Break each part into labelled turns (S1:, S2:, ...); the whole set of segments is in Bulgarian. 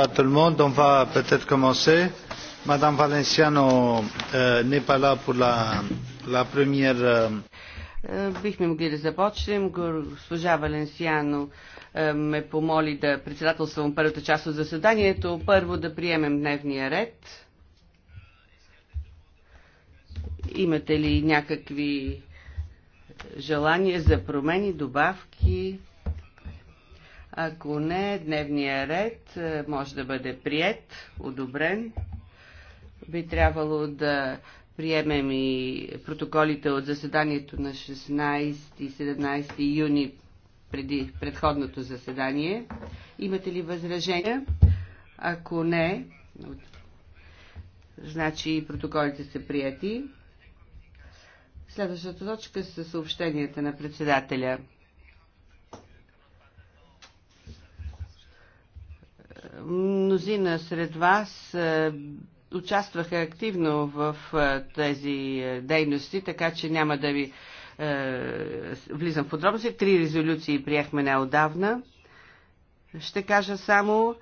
S1: à tout le monde. On va peut-être commencer. Madame Valenciano euh, n'est pas là pour
S2: la, la première. Euh,
S3: е, бихме могли да започнем. Госпожа Валенсиано е, ме помоли да председателствам първата част от заседанието. Първо да приемем дневния ред. Имате ли някакви желания за промени, добавки? Ако не, дневния ред е, може да бъде прият, одобрен. Би трябвало да приемем и протоколите от заседанието на 16 и 17 юни преди предходното заседание. Имате ли възражения? Ако не, значи протоколите са прияти. Следващата точка са съобщенията на председателя. Мнозина сред вас е, участваха активно в е, тези е, дейности, така че няма да ви влизам в подробности. Три резолюции приехме неодавна. Ще кажа само,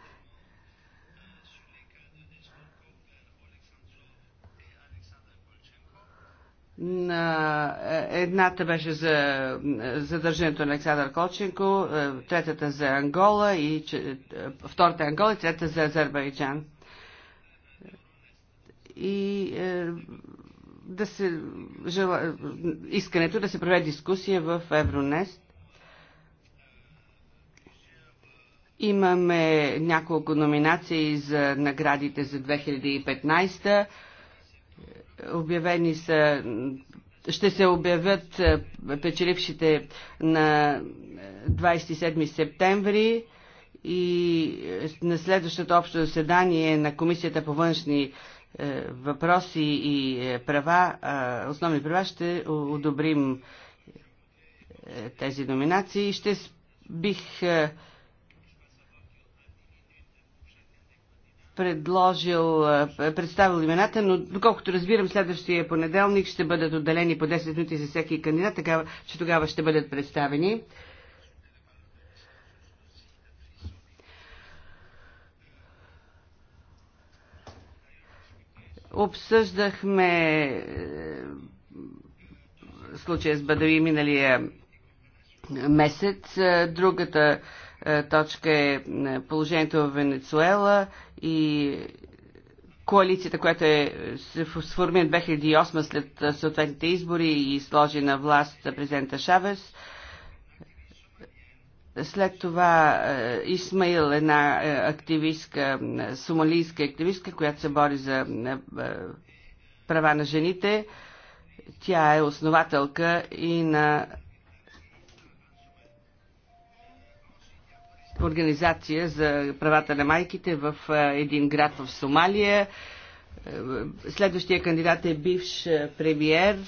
S3: на е, едната беше за е, задържането на Александър Колченко, е, третата за Ангола и втората Ангола и третата за Азербайджан. И да се жела, искането да се проведе дискусия в Евронест. Имаме няколко номинации за наградите за 2015 Обявени са ще се обявят е, печелившите на 27 е, септември и е, на следващото общо заседание на Комисията по външни въпроси и права, основни права, ще одобрим тези номинации. Ще бих предложил, представил имената, но доколкото разбирам, следващия понеделник ще бъдат отделени по 10 минути за всеки кандидат, така че тогава ще бъдат представени. Обсъждахме е, случая с Бадави миналия месец. Е, другата е, точка е, е положението в Венецуела и коалицията, която е, се сформира 2008 след е, съответните избори и сложи на власт президента Шавес. След това Исмаил, една активистка, сомалийска активистка, която се бори за права на жените. Тя е основателка и на организация за правата на майките в един град в Сомалия. Е, следващия кандидат е бивш премиер.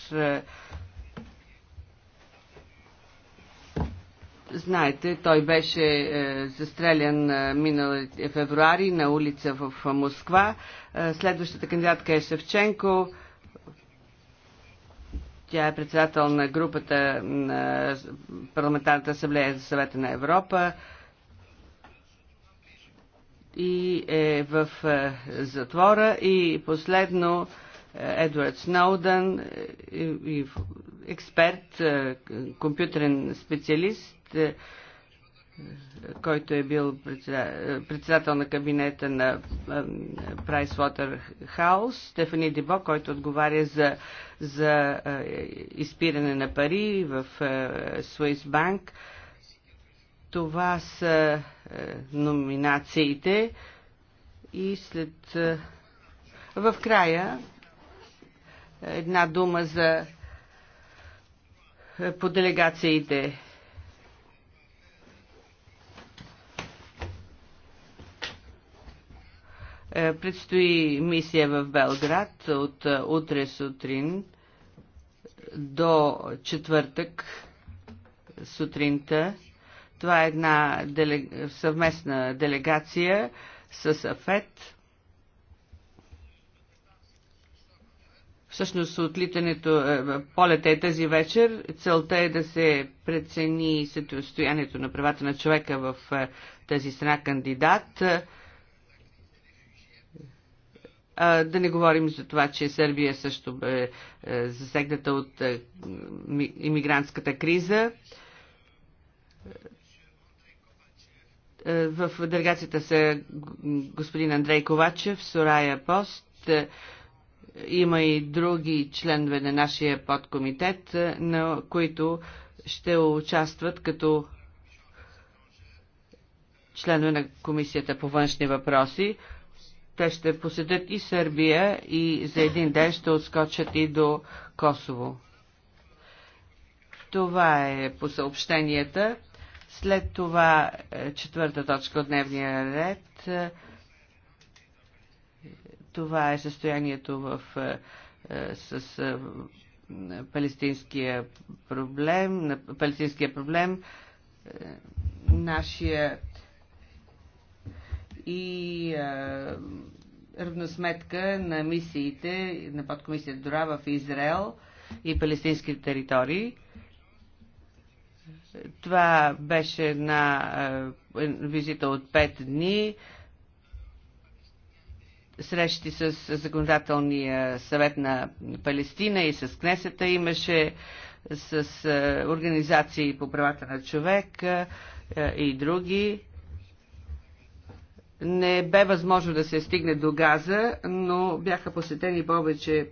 S3: Знаете, той беше е, застрелян е, минал февруари на улица в Москва. Следващата кандидатка е Шевченко. Тя е председател на групата на Парламентарната асамблея за съвета на Европа и е в е, затвора. И последно е, Едвард Сноудън, е, експерт, компютърен специалист, който е бил председател на кабинета на Pricewaterhouse, Стефани Дебо, който отговаря за, за изпиране на пари в Swiss Bank това са е, номинациите и след е, в края една дума за е, по делегациите. Предстои мисия в Белград от утре сутрин до четвъртък сутринта. Това е една деле... съвместна делегация с АФЕТ. Всъщност отлитането, е, полета е тази вечер. Целта е да се прецени състоянието на правата на човека в е, тази страна кандидат. Е, да не говорим за това, че Сърбия също бе засегната от иммигрантската криза. Е, в делегацията са господин Андрей Ковачев, Сорая Пост, е, има и други членове на нашия подкомитет, е, на които ще участват като членове на Комисията по външни въпроси. Те ще посетят и Сърбия и за един ден ще отскочат и до Косово. Това е по съобщенията. След това е, четвърта точка от дневния ред. Е, това е състоянието в, е, с палестинския проблем. На палестинския проблем нашия и равносметка на мисиите на подкомисията Дора в Израел и палестинските територии. Това беше една е, е, визита от пет дни, срещи с Законодателния съвет на Палестина и с Кнесета имаше с е, организации по правата на човек и други. Не бе възможно да се стигне до Газа, но бяха посетени повече,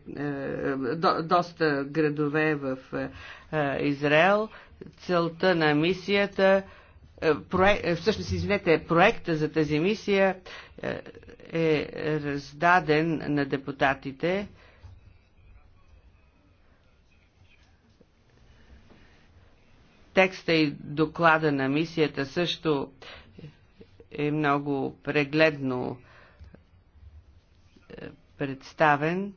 S3: до, доста градове в Израел целта на мисията, е, проект, е, всъщност, извинете, проекта за тази мисия е, е раздаден на депутатите. Текста и доклада на мисията също е много прегледно представен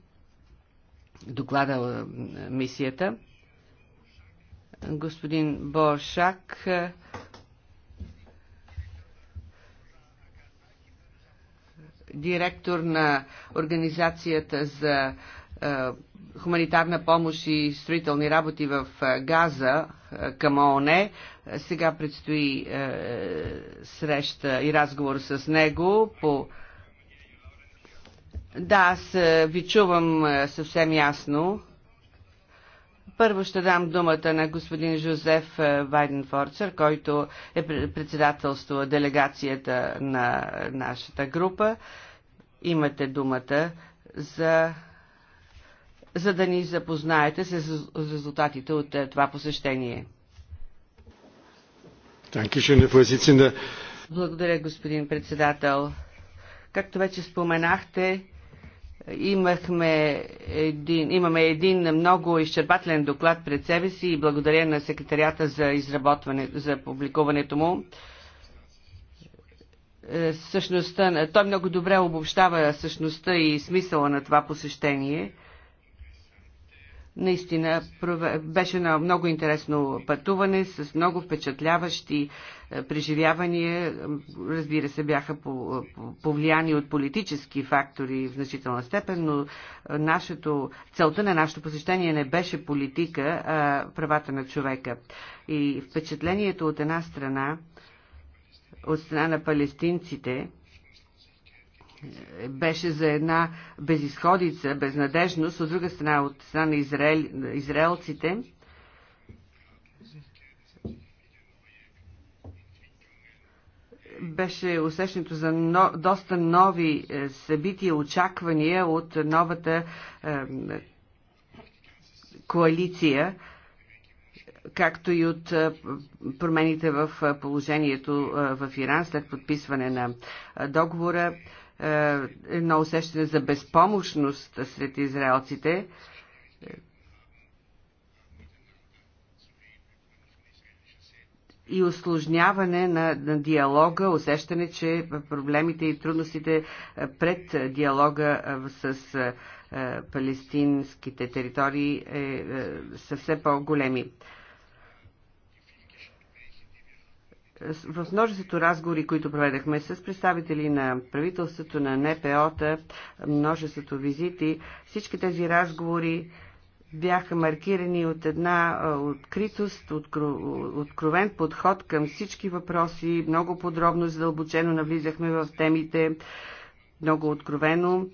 S3: доклада мисията господин Боршак. Е, директор на Организацията за е, хуманитарна помощ и строителни работи в е, Газа към ООН. Сега предстои среща и разговор с него по да, аз ви чувам съвсем ясно. Първо ще дам думата на господин Жозеф е, Вайденфорцер, който е председателство делегацията на нашата група. Имате думата за, за да ни запознаете с резултатите от е, това посещение. Благодаря, господин председател. Както вече споменахте, Имахме един, имаме един много изчерпателен доклад пред себе си и благодаря на секретарията за изработване, за публикуването му. Е, същността, той много добре обобщава същността и смисъла на това посещение Наистина беше на много интересно пътуване с много впечатляващи е, преживявания. Разбира се, бяха повлияни от политически фактори в значителна степен, но е, нашето, целта на нашето посещение не беше политика, а правата на човека. И впечатлението от една страна, от страна на палестинците, беше за една безисходица, безнадежност, от друга страна, от страна на израел, израелците, беше усещането за но, доста нови е, събития, очаквания от новата е, коалиция, както и от е, промените в е, положението в Иран след подписване на договора. Е, едно усещане за безпомощност сред израелците. и осложняване на, на диалога, усещане, че проблемите и трудностите е, пред диалога е, с палестинските територии е, са все по-големи. в множеството разговори, които проведахме с представители на правителството, на НПО-та, множеството визити, всички тези разговори бяха маркирани от една откритост, откровен подход към всички въпроси. Много подробно, задълбочено навлизахме в темите, много откровено.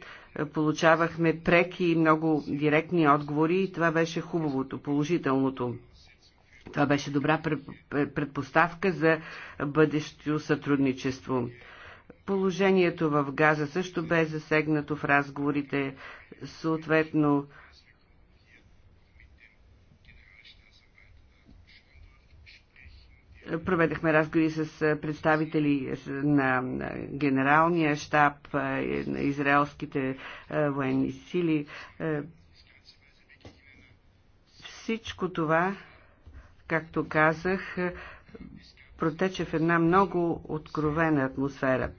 S3: Получавахме преки и много директни отговори и това беше хубавото, положителното. Това беше добра предпоставка за бъдещо сътрудничество. Положението в Газа също бе засегнато в разговорите. Съответно, проведахме разговори с представители на генералния штаб на израелските военни сили. Всичко това както казах, протече в една много откровена атмосфера.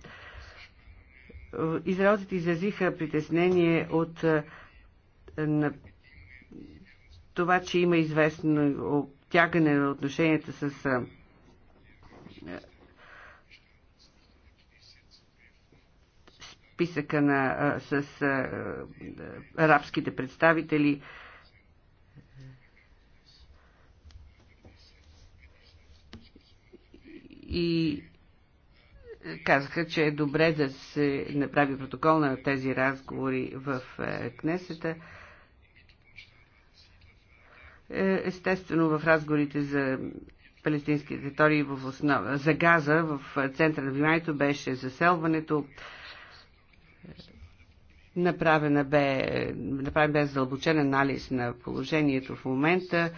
S3: Израелците изразиха притеснение от е, на това, че има известно обтягане на отношенията с е, списъка на, е, с арабските представители и е, казаха, че е добре да се направи протокол на тези разговори в е, Кнесета. Е, естествено, в разговорите за палестински територии в основа, за Газа в центъра на вниманието беше заселването. Направен бе, направен бе задълбочен анализ на положението в момента.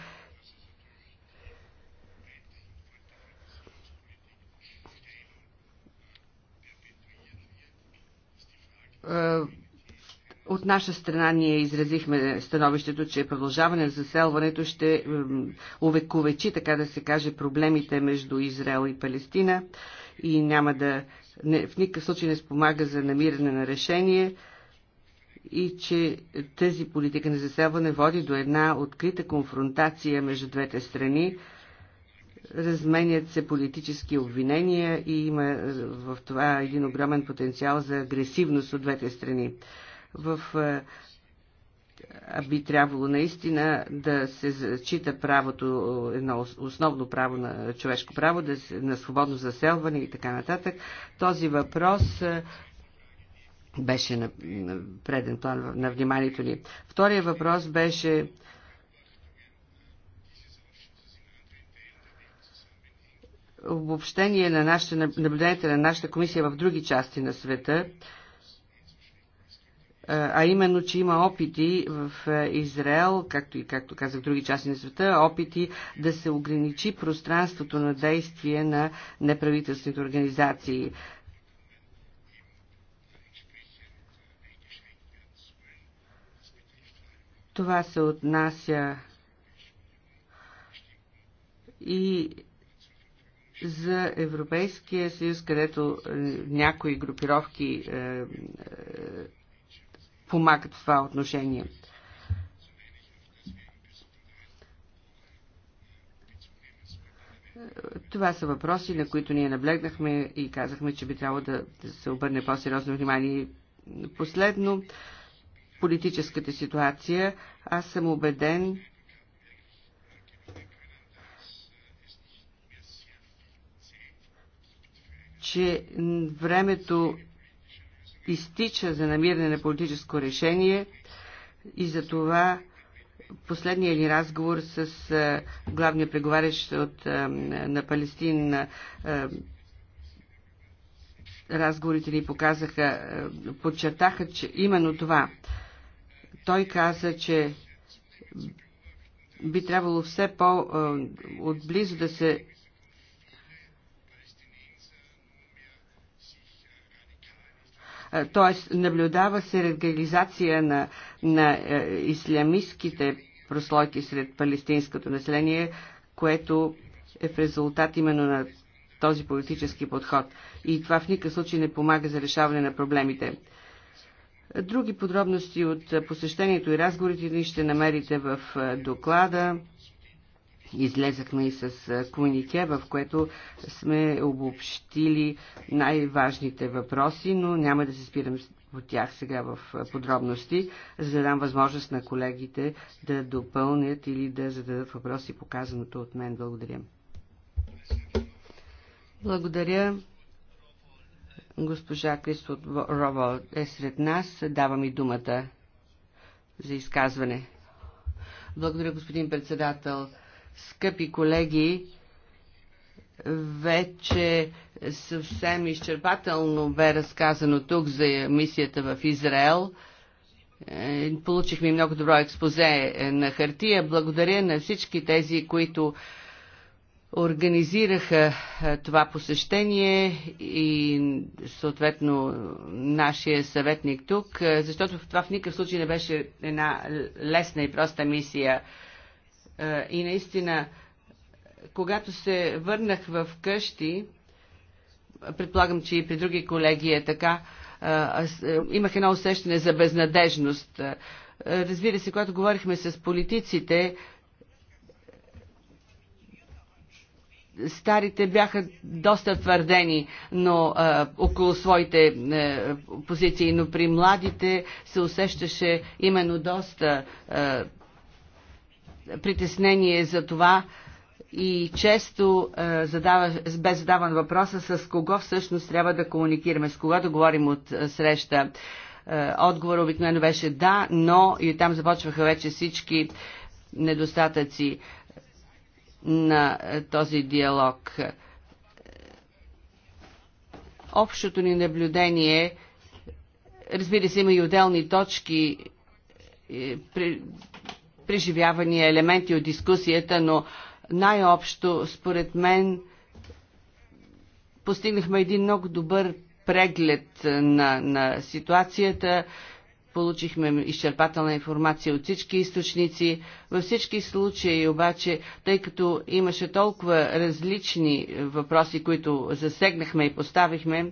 S3: Е, от наша страна ние изразихме становището, че продължаване на заселването ще увековечи, така да се каже, проблемите между Израел и Палестина и няма да, не, в никакъв случай не спомага за намиране на решение и че тази политика на заселване води до една открита конфронтация между двете страни, разменят се политически обвинения и има в това един огромен потенциал за агресивност от двете страни. В би трябвало наистина да се зачита правото, едно основно право на човешко право, да се, на свободно заселване и така нататък. Този въпрос беше на преден план на вниманието ни. Втория въпрос беше обобщение на нашите, наблюденията на нашата комисия в други части на света, а именно, че има опити в Израел, както и както казах в други части на света, опити да се ограничи пространството на действие на неправителствените организации. Това се отнася и за Европейския съюз, където е, някои групировки е, е, помагат в това отношение. Това са въпроси, на които ние наблегнахме и казахме, че би трябвало да се обърне по-сериозно внимание. Последно, политическата ситуация. Аз съм убеден, че времето изтича за намиране на политическо решение и за това последния ни разговор с главния преговарящ от, на Палестин разговорите ни показаха, подчертаха, че именно това. Той каза, че би трябвало все по-отблизо да се т.е. наблюдава се радикализация на, на е, ислямистските прослойки сред палестинското население, което е в резултат именно на този политически подход. И това в никакъв случай не помага за решаване на проблемите. Други подробности от посещението и разговорите ни ще намерите в е, доклада. Излезахме и с комунике, в което сме обобщили най-важните въпроси, но няма да се спирам по тях сега в подробности, за да дам възможност на колегите да допълнят или да зададат въпроси по казаното от мен. Благодаря. Благодаря. Госпожа Кристо Рово е сред нас. Давам и думата за изказване. Благодаря, господин председател скъпи колеги, вече съвсем изчерпателно бе разказано тук за мисията в Израел. Е, получихме много добро експозе на хартия. Благодаря на всички тези, които организираха е, това посещение и съответно нашия съветник тук, е, защото това в никакъв случай не беше една лесна и проста мисия. И наистина, когато се върнах в къщи, предполагам, че и при други колеги е така, аз е, имах едно усещане за безнадежност. Разбира се, когато говорихме с политиците, старите бяха доста твърдени, но а, около своите а, е, позиции, но при младите се усещаше именно доста а, притеснение за това и често бе задаван въпроса с кого всъщност трябва да комуникираме, с кого да говорим от е, среща. Е, отговор обикновено беше да, но и там започваха вече всички недостатъци на е, този диалог. Общото ни наблюдение, разбира се, има и отделни точки, преживявания, елементи от дискусията, но най-общо, според мен, постигнахме един много добър преглед на, на ситуацията Получихме изчерпателна информация от всички източници. Във всички случаи обаче, тъй като имаше толкова различни въпроси, които засегнахме и поставихме,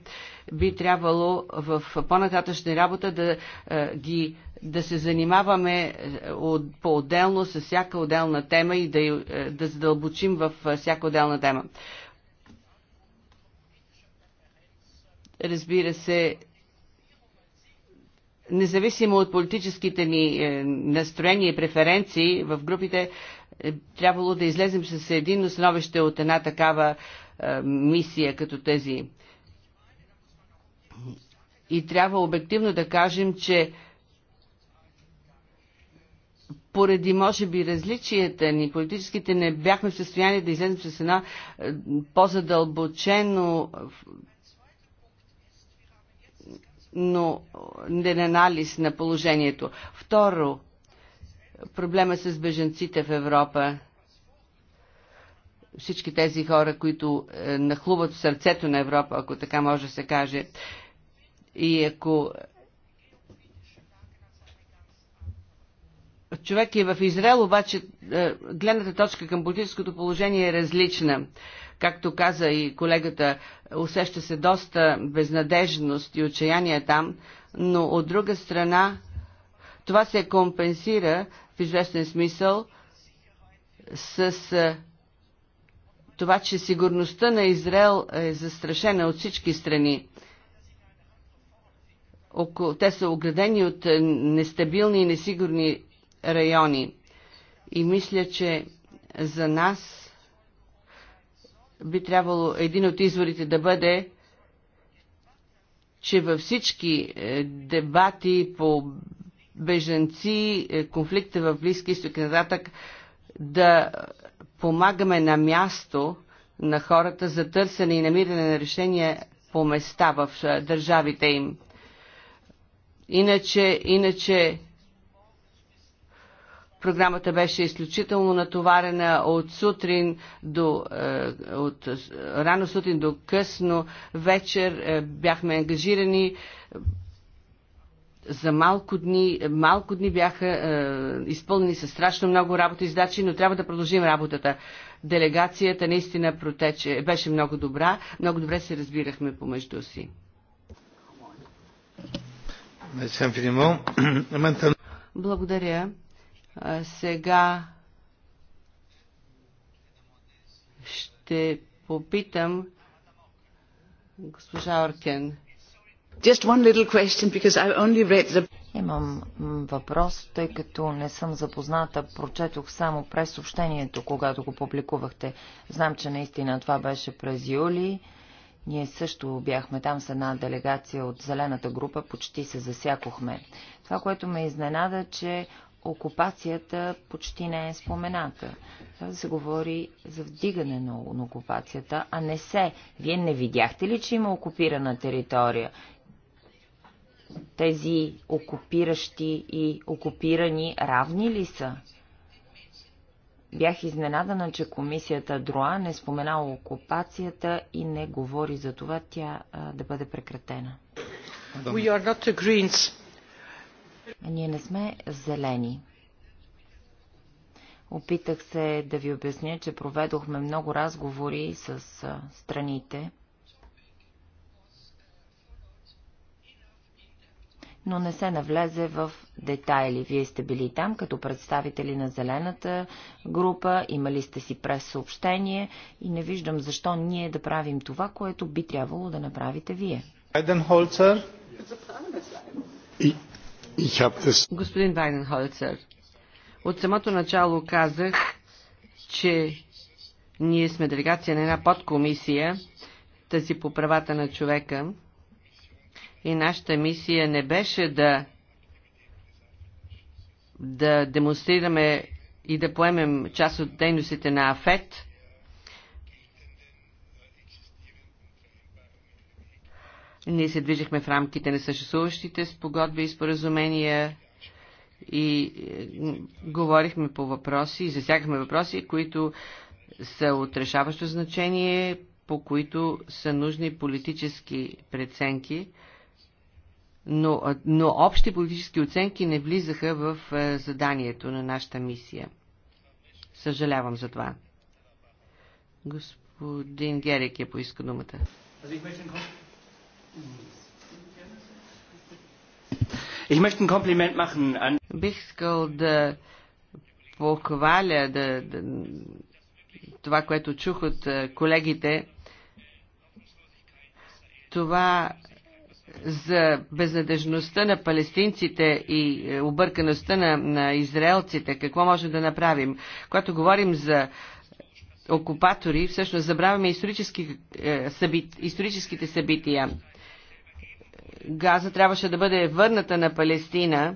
S3: би трябвало в по-нататъчна работа да е, ги да се занимаваме е, по-отделно с всяка отделна тема и да, е, да задълбочим в всяка отделна тема. Разбира се, независимо от политическите ни е, настроения и преференции в групите, е, трябвало да излезем с един становище от една такава е, мисия като тези. И трябва обективно да кажем, че поради, може би, различията ни, политическите, не бяхме в състояние да излезем с една по-задълбочено но е, анализ на положението. Второ, проблема с беженците в Европа. Всички тези хора, които е, нахлуват в сърцето на Европа, ако така може да се каже. И ако човек е в Израел, обаче е, гледната точка към политическото положение е различна. Както каза и колегата, усеща се доста безнадежност и отчаяние там, но от друга страна това се компенсира в известен смисъл с това, че сигурността на Израел е застрашена от всички страни. Те са оградени от нестабилни и несигурни райони. И мисля, че за нас би трябвало един от изворите да бъде, че във всички е, дебати по беженци, е, конфликта в Близки изток и нататък, да помагаме на място на хората за търсене и намиране на решения по места в е, държавите им. Иначе, иначе Програмата беше изключително натоварена от сутрин до е, от е, рано сутрин до късно вечер. Е, бяхме ангажирани за малко дни, малко дни бяха изпълнени с страшно много работа и задачи, но трябва да продължим работата. Делегацията наистина протече, беше много добра, много добре се разбирахме помежду си. Благодаря. Сега ще попитам
S1: госпожа Оркен. Just one little question because I only read the... Имам въпрос, тъй като не съм запозната. Прочетох само през съобщението, когато го публикувахте. Знам, че наистина това беше през юли. Ние също бяхме там с една делегация от Зелената група, почти се засякохме. Това, което ме изненада, че окупацията почти не е спомената. Трябва да се говори за вдигане на, на окупацията, а не се. Вие не видяхте ли, че има окупирана територия? Тези окупиращи и окупирани равни ли са? Бях изненадана, че комисията Друа не споменала окупацията и не говори за това тя а, да бъде прекратена. We are not the Greens. Ние не сме зелени. Опитах се да ви обясня, че проведохме много разговори с страните, но не се навлезе в детайли. Вие сте били там като представители на зелената група, имали сте си прес-съобщение и не виждам защо ние да правим това, което би трябвало да направите вие.
S3: Господин Вайненхолцер, от самото начало казах, че ние сме делегация на една подкомисия, тази по правата на човека, и нашата мисия не беше да да демонстрираме и да поемем част от дейностите на АФЕТ, Ние се движихме в рамките на съществуващите спогодби и споразумения и е, говорихме по въпроси, и засягахме въпроси, които са от решаващо значение, по които са нужни политически преценки, но, но общи политически оценки не влизаха в е, заданието на нашата мисия. Съжалявам за това. Господин Герек е поиска думата. Бих искал да похваля да, да, това, което чух от е, колегите. Това за безнадежността на палестинците и е, объркаността на, на израелците, какво можем да направим? Когато говорим за окупатори, всъщност забравяме исторически, е, събит, историческите събития газа трябваше да бъде върната на Палестина.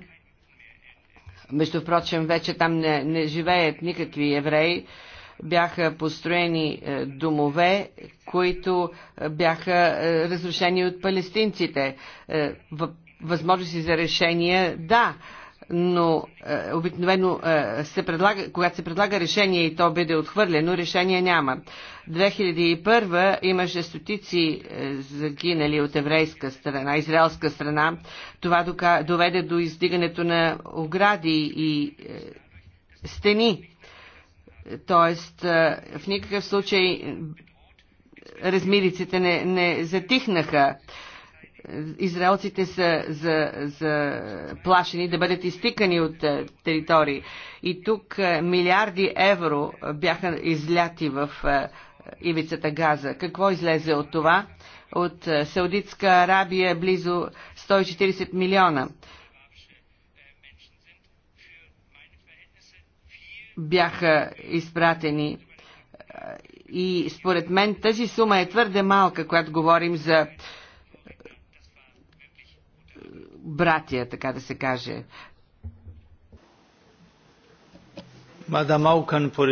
S3: Между прочим, вече там не, не живеят никакви евреи. Бяха построени е, домове, които е, бяха е, разрушени от палестинците. Възможности за решение, да, но е, обикновено е, се предлага, когато се предлага решение и то бъде отхвърлено, решение няма. 2001 имаше стотици е, загинали от еврейска страна, израелска страна. Това дока, доведе до издигането на огради и е, стени. Тоест, е, в никакъв случай размириците не, не затихнаха. Е, израелците са за, за плашени да бъдат изтикани от е, територии. И тук е, милиарди евро бяха изляти в е, ивицата Газа. Какво излезе от това? От Саудитска Арабия близо 140 милиона. бяха изпратени. И според мен тази сума е твърде малка, когато говорим за братия, така да се каже. Мадам
S1: Аукън, по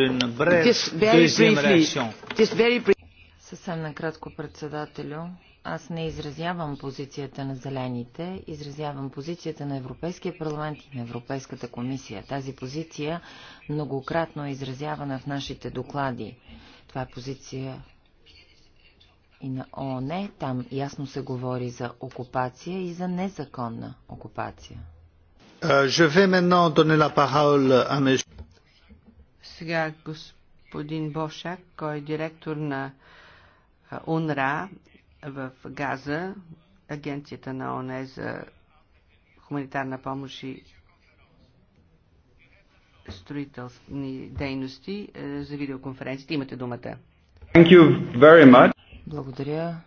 S1: Съвсем накратко, председателю. Аз не изразявам позицията на зелените, изразявам позицията на Европейския парламент и на Европейската комисия. Тази позиция многократно е изразявана в нашите доклади. Това е позиция, и на ООН, там ясно се говори за окупация и за незаконна окупация. Е,
S3: Сега господин Бошак, кой е директор на е, УНРА в Газа, агенцията на ООН за хуманитарна помощ и строителни дейности е, за видеоконференцията. Имате думата. Thank you very much.
S1: Благодаря.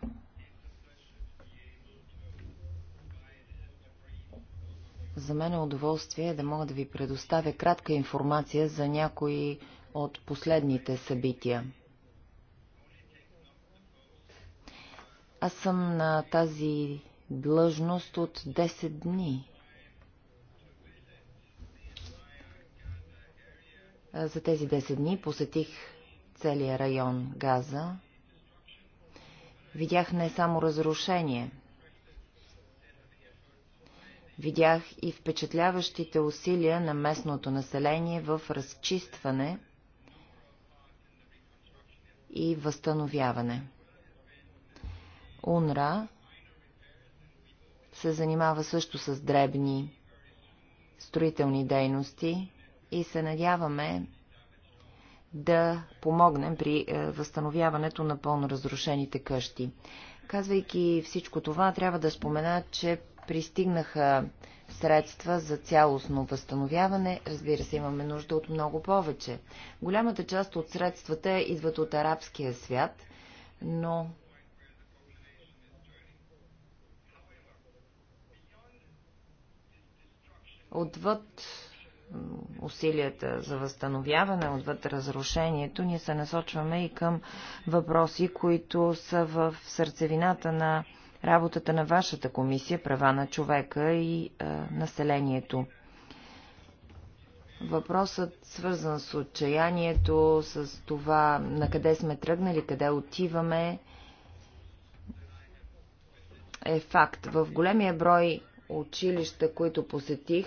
S1: За мен е удоволствие да мога да ви предоставя кратка информация за някои от последните събития. Аз съм на тази длъжност от 10 дни. За тези 10 дни посетих целия район Газа, видях не само разрушение. Видях и впечатляващите усилия на местното население в разчистване и възстановяване. УНРА се занимава също с дребни строителни дейности и се надяваме да помогнем при е, възстановяването на пълно разрушените къщи. Казвайки всичко това, трябва да спомена, че пристигнаха средства за цялостно възстановяване. Разбира се, имаме нужда от много повече. Голямата част от средствата идват от арабския свят, но отвъд усилията за възстановяване отвъд разрушението, ние се насочваме и към въпроси, които са в сърцевината на работата на вашата комисия права на човека и а, е, населението. Въпросът свързан с отчаянието, с това на къде сме тръгнали, къде отиваме, е факт. В големия брой училища, които посетих,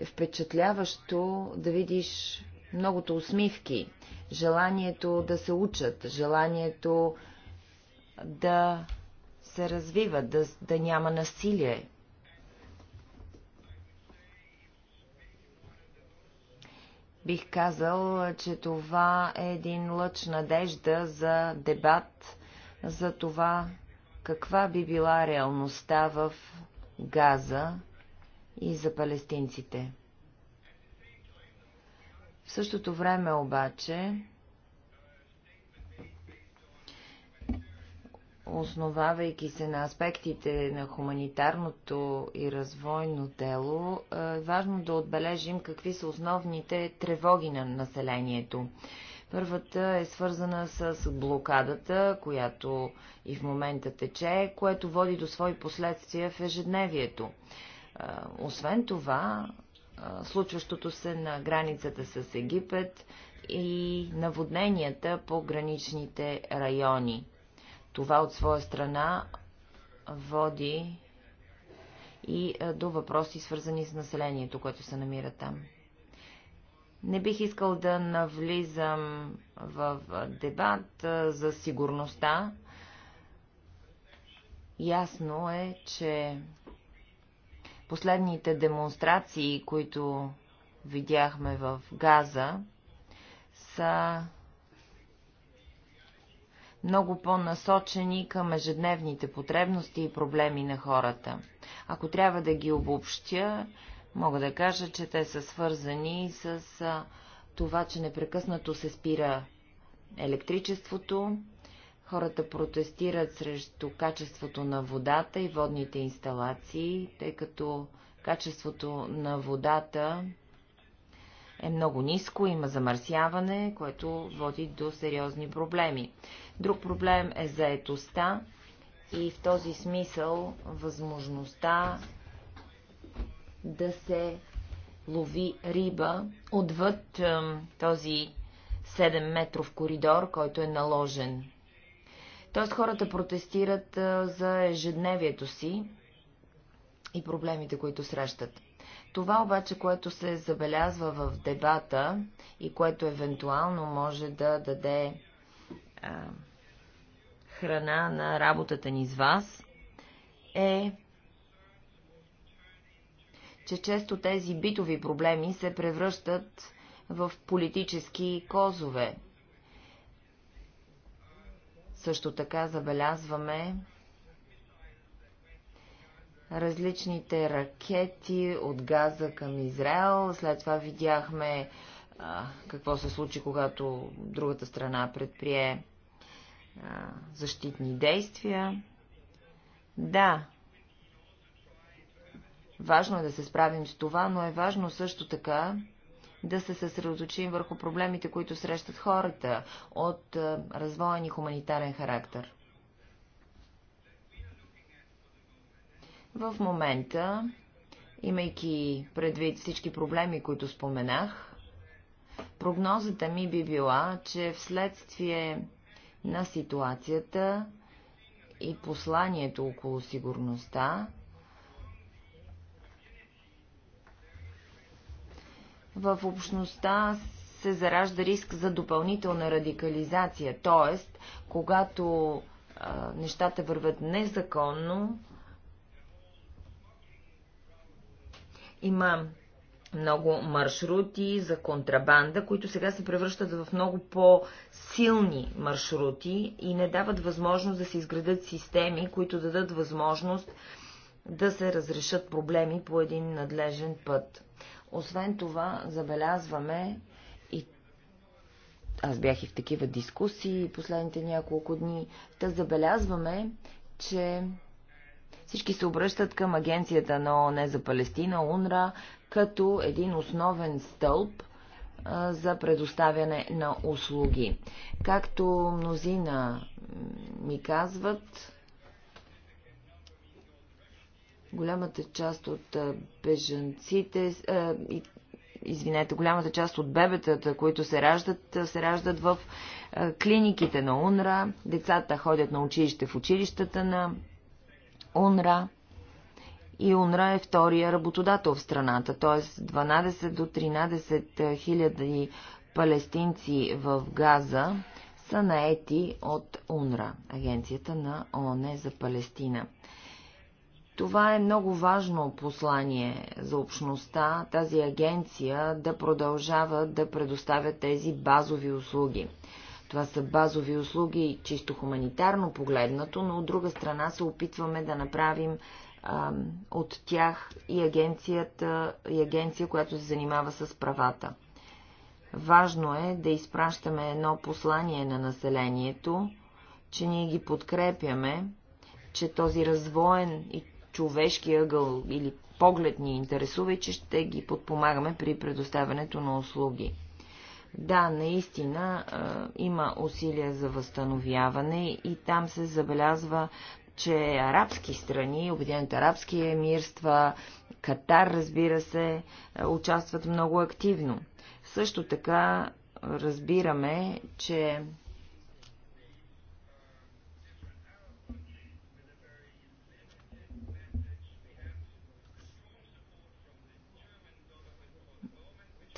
S1: е впечатляващо да видиш многото усмивки, желанието да се учат, желанието да се развива, да, да няма насилие. Бих казал, че това е един лъч надежда за дебат за това каква би била реалността в Газа и за палестинците. В същото време обаче основавайки се на аспектите на хуманитарното и развойно дело, е важно да отбележим какви са основните тревоги на населението. Първата е свързана с блокадата, която и в момента тече, което води до свои последствия в ежедневието. Освен това, случващото се на границата с Египет и наводненията по граничните райони. Това от своя страна води и до въпроси, свързани с населението, което се намира там. Не бих искал да навлизам в дебат за сигурността. Ясно е, че Последните демонстрации, които видяхме в Газа, са много по-насочени към ежедневните потребности и проблеми на хората. Ако трябва да ги обобщя, мога да кажа, че те са свързани с това, че непрекъснато се спира електричеството, Хората протестират срещу качеството на водата и водните инсталации, тъй като качеството на водата е много ниско, има замърсяване, което води до сериозни проблеми. Друг проблем е заетостта и в този смисъл възможността да се лови риба отвъд този 7-метров коридор, който е наложен. Тоест хората протестират за ежедневието си и проблемите, които срещат. Това обаче, което се забелязва в дебата и което евентуално може да даде а, храна на работата ни с вас, е, че често тези битови проблеми се превръщат в политически козове, също така забелязваме различните ракети от Газа към Израел. След това видяхме а, какво се случи, когато другата страна предприе а, защитни действия. Да, важно е да се справим с това, но е важно също така да се съсредоточим върху проблемите, които срещат хората от е, развоен и хуманитарен характер. В момента, имайки предвид всички проблеми, които споменах, прогнозата ми би била, че вследствие на ситуацията и посланието около сигурността, в общността се заражда риск за допълнителна радикализация. Тоест, когато а, нещата върват незаконно, има много маршрути за контрабанда, които сега се превръщат в много по-силни маршрути и не дават възможност да се изградат системи, които дадат възможност да се разрешат проблеми по един надлежен път. Освен това, забелязваме и аз бях и в такива дискусии последните няколко дни, да забелязваме, че всички се обръщат към агенцията на ООН за Палестина, УНРА, като един основен стълб за предоставяне на услуги. Както мнозина ми казват, Голямата част от бежанците, извинете, голямата част от бебетата, които се раждат, се раждат в клиниките на УНРА. Децата ходят на училище в училищата на УНРА. И УНРА е втория работодател в страната, т.е. 12 до 13 хиляди палестинци в Газа са наети от УНРА, агенцията на ООН за Палестина. Това е много важно послание за общността, тази агенция да продължава да предоставя тези базови услуги. Това са базови услуги, чисто хуманитарно погледнато, но от друга страна се опитваме да направим а, от тях и, агенцията, и агенция, която се занимава с правата. Важно е да изпращаме едно послание на населението, че ние ги подкрепяме, че този развоен и човешки ъгъл или поглед ни интересува и че ще ги подпомагаме при предоставянето на услуги. Да, наистина има усилия за възстановяване и там се забелязва, че арабски страни, Обединените арабски емирства, Катар, разбира се, участват много активно. Също така разбираме, че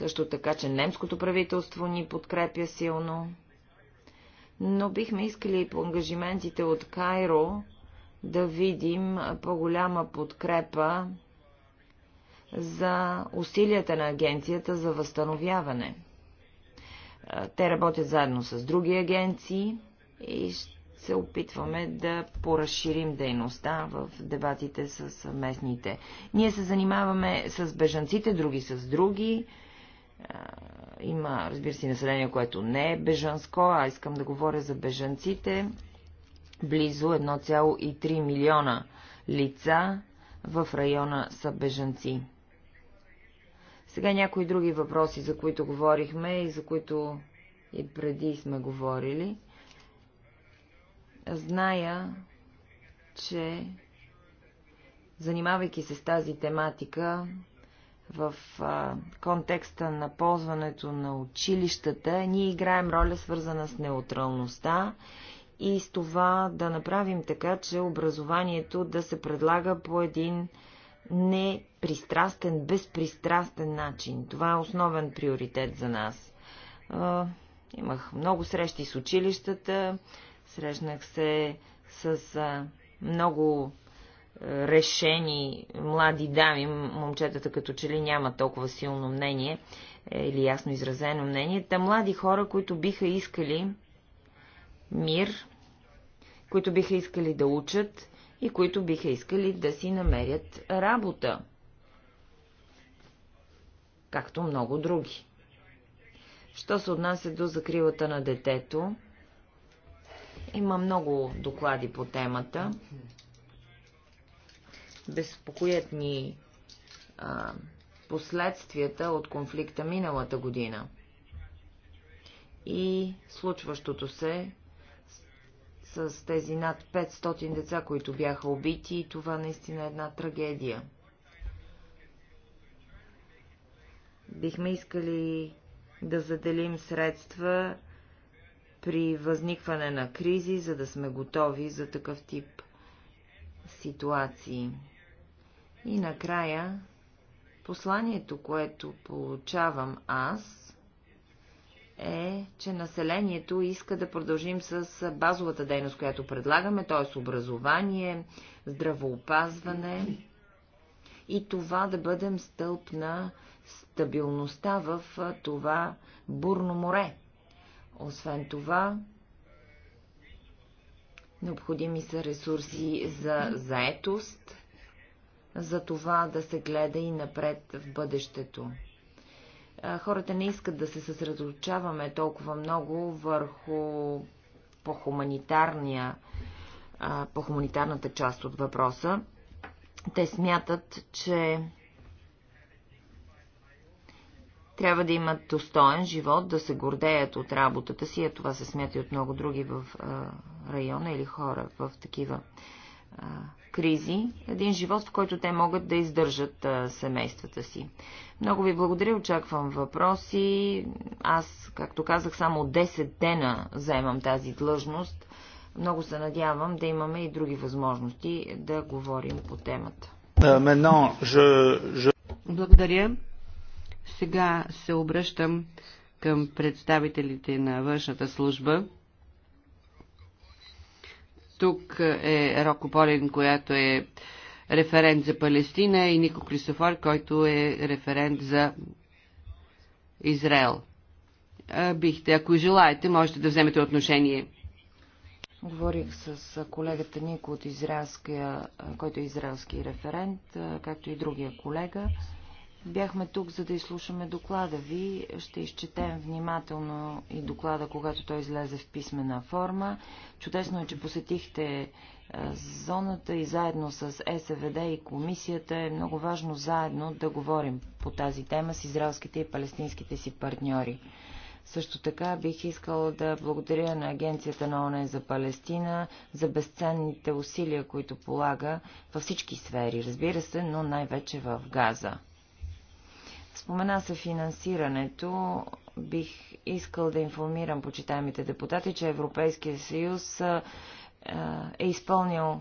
S1: Също така, че немското правителство ни подкрепя силно. Но бихме искали по ангажиментите от Кайро да видим по-голяма подкрепа за усилията на агенцията за възстановяване. Те работят заедно с други агенции и се опитваме да поразширим дейността в дебатите с местните. Ние се занимаваме с бежанците, други с други. Има, разбира се, население, което не е бежанско, а искам да говоря за бежанците. Близо 1,3 милиона лица в района са бежанци. Сега някои други въпроси, за които говорихме и за които и преди сме говорили. Зная, че занимавайки се с тази тематика, в а, контекста на ползването на училищата, ние играем роля свързана с неутралността и с това да направим така, че образованието да се предлага по един непристрастен, безпристрастен начин. Това е основен приоритет за нас. А, имах много срещи с училищата, срещнах се с а, много решени млади дами, момчетата като че ли няма толкова силно мнение е, или ясно изразено мнение, та млади хора, които биха искали мир, които биха искали да учат и които биха искали да си намерят работа, както много други. Що се отнася до закрилата на детето, има много доклади по темата. Безпокоят ни а, последствията от конфликта миналата година и случващото се с, с тези над 500 деца, които бяха убити и това наистина е една трагедия. Бихме искали да заделим средства при възникване на кризи, за да сме готови за такъв тип ситуации. И накрая, посланието, което получавам аз, е, че населението иска да продължим с базовата дейност, която предлагаме, т.е. образование, здравоопазване и това да бъдем стълб на стабилността в това бурно море. Освен това, необходими са ресурси за заетост за това да се гледа и напред в бъдещето. Хората не искат да се съсредоточаваме толкова много върху по-хуманитарния, по-хуманитарната част от въпроса. Те смятат, че трябва да имат достоен живот, да се гордеят от работата си, а това се смята и от много други в района или хора в такива а, кризи, един живот, в който те могат да издържат а, семействата си. Много ви благодаря, очаквам въпроси. Аз, както казах, само 10 дена заемам тази длъжност. Много се надявам да имаме и други възможности да говорим по темата.
S3: Е, благодаря. Сега се обръщам към представителите на външната служба. Тук е Роко Полин, която е референт за Палестина и Нико Кристофор, който е референт за Израел. Бихте, ако желаете, можете да вземете отношение.
S1: Говорих с колегата Нико от израелския, който е израелски референт, както и другия колега. Бяхме тук, за да изслушаме доклада ви. Ще изчетем внимателно и доклада, когато той излезе в писмена форма. Чудесно е, че посетихте е, зоната и заедно с СВД и комисията е много важно заедно да говорим по тази тема с израелските и палестинските си партньори. Също така бих искала да благодаря на Агенцията на ОНЕ за Палестина за безценните усилия, които полага във всички сфери, разбира се, но най-вече в Газа. Спомена се финансирането. Бих искал да информирам почитаемите депутати, че Европейския съюз е изпълнил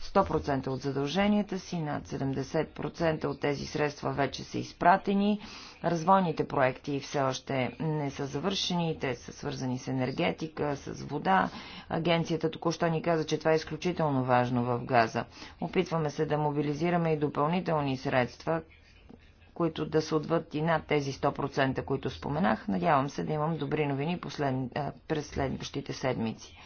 S1: 100% от задълженията си, над 70% от тези средства вече са изпратени. Развойните проекти все още не са завършени, те са свързани с енергетика, с вода. Агенцията току-що ни каза, че това е изключително важно в газа. Опитваме се да мобилизираме и допълнителни средства, които да се отвъд и над тези 100%, които споменах. Надявам се да имам добри новини послед... през следващите седмици.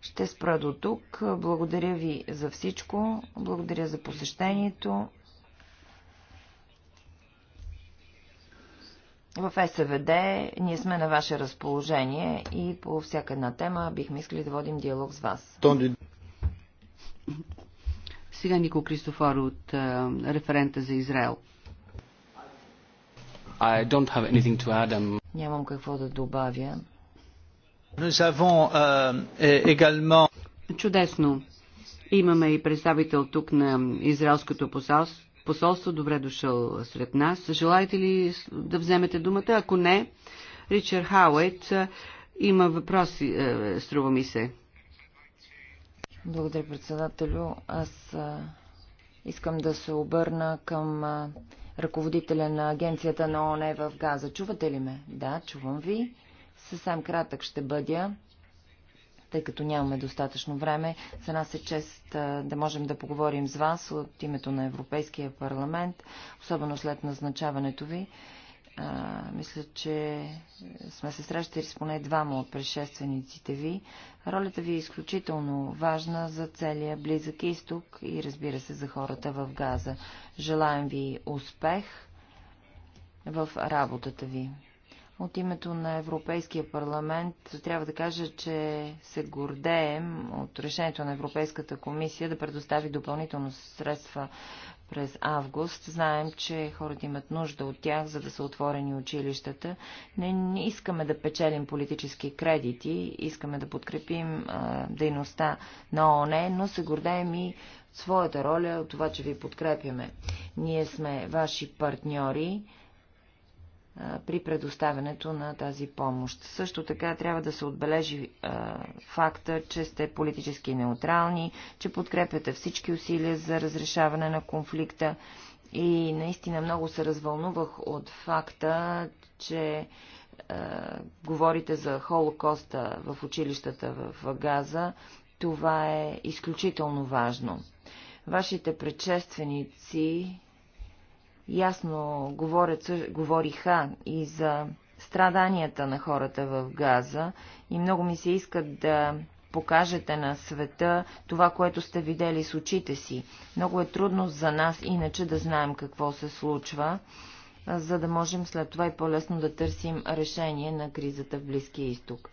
S1: Ще спра до тук. Благодаря ви за всичко. Благодаря за посещението. В СВД ние сме на ваше разположение и по всяка една тема бихме искали да водим диалог с вас. Сега Нико Кристофор от референта за Израел. I don't have anything to add. I'm... Нямам какво да добавя. Nous avons, uh, également... Чудесно.
S3: Имаме и представител тук на Израелското посолство посолство. Добре дошъл сред нас. Желаете ли да вземете думата? Ако не, Ричард Хаует има въпроси, струва ми се.
S1: Благодаря, председателю. Аз искам да се обърна към ръководителя на агенцията на ООН е в Газа. Чувате ли ме? Да, чувам ви. Съвсем кратък ще бъдя, тъй като нямаме достатъчно време. За нас е чест да можем да поговорим с вас от името на Европейския парламент, особено след назначаването ви. А, мисля, че сме се срещали с поне двама от предшествениците ви. Ролята ви е изключително важна за целия Близък изток и разбира се за хората в Газа. Желаем ви успех в работата ви. От името на Европейския парламент трябва да кажа, че се гордеем от решението на Европейската комисия да предостави допълнително средства през август. Знаем, че хората имат нужда от тях, за да са отворени училищата. Не, не искаме да печелим политически кредити, искаме да подкрепим а, дейността на ООН, но се гордеем и своята роля от това, че ви подкрепяме. Ние сме ваши партньори при предоставянето на тази помощ. Също така трябва да се отбележи а, факта, че сте политически неутрални, че подкрепяте всички усилия за разрешаване на конфликта и наистина много се развълнувах от факта, че а, говорите за Холокоста в училищата в Газа. Това е изключително важно. Вашите предшественици ясно говорят, говориха и за страданията на хората в Газа и много ми се искат да покажете на света това, което сте видели с очите си. Много е трудно за нас иначе да знаем какво се случва, за да можем след това и по-лесно да търсим решение на кризата в Близкия изток.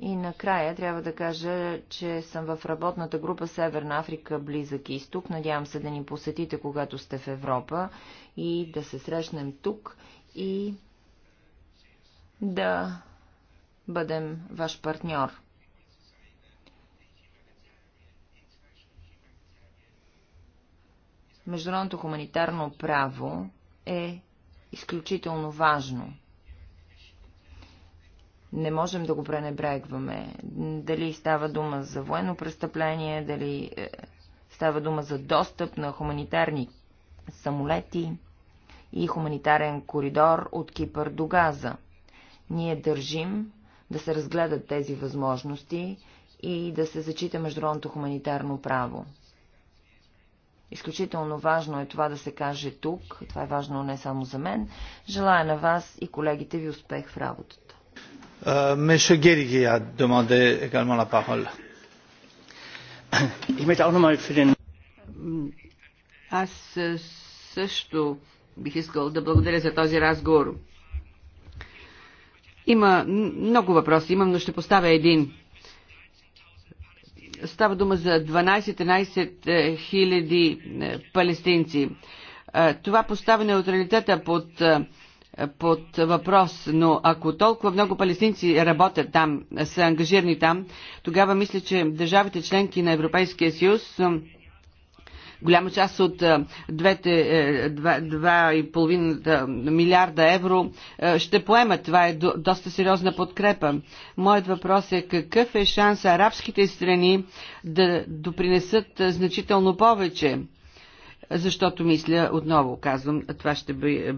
S1: И накрая трябва да кажа, че съм в работната група Северна Африка, Близък изток. Надявам се да ни посетите, когато сте в Европа и да се срещнем тук и да бъдем ваш партньор. Международното хуманитарно право е изключително важно – не можем да го пренебрегваме. Дали става дума за военно престъпление, дали е, става дума за достъп на хуманитарни самолети и хуманитарен коридор от Кипър до Газа. Ние държим да се разгледат тези възможности и да се зачита международното хуманитарно право. Изключително важно е това да се каже тук. Това е важно не само за мен. Желая на вас и колегите ви успех в работата ich möchte auch noch également für den
S3: Аз също бих искал да благодаря за този разговор. Има много въпроси, имам, но ще поставя един. Става дума за 12-13 хиляди е, палестинци. Това поставяне е от реалитета под под въпрос, но ако толкова много палестинци работят там, са ангажирани там, тогава мисля, че държавите членки на Европейския съюз голяма част от двете, е, два, и милиарда евро ще поемат. Това е до, доста сериозна подкрепа. Моят въпрос е какъв е шанс арабските страни да допринесат значително повече? защото мисля, отново казвам, това ще би,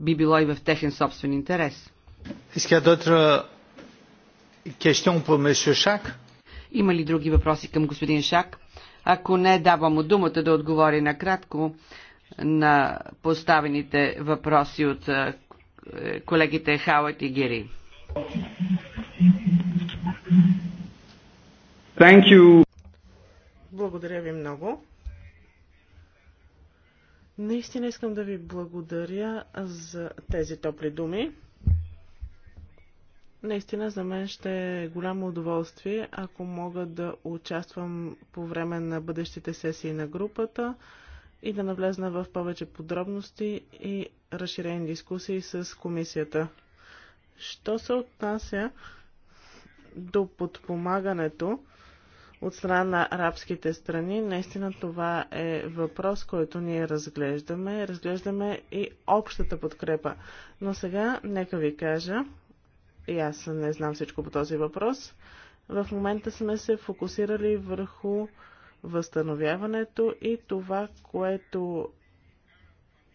S3: би било и в техен собствен интерес.
S1: Euh,
S3: Има ли други въпроси към господин Шак? Ако не, давам му думата да отговори накратко на поставените въпроси от е, колегите Хауът и Гири.
S2: Благодаря ви много. Наистина искам да ви благодаря за тези топли думи. Наистина за мен ще е голямо удоволствие, ако мога да участвам по време на бъдещите сесии на групата и да навлезна в повече подробности и разширени дискусии с комисията. Що се отнася до подпомагането от страна на арабските страни. Наистина това е въпрос, който ние разглеждаме. Разглеждаме и общата подкрепа. Но сега, нека ви кажа, и аз не знам всичко по този въпрос, в момента сме се фокусирали върху възстановяването и това, което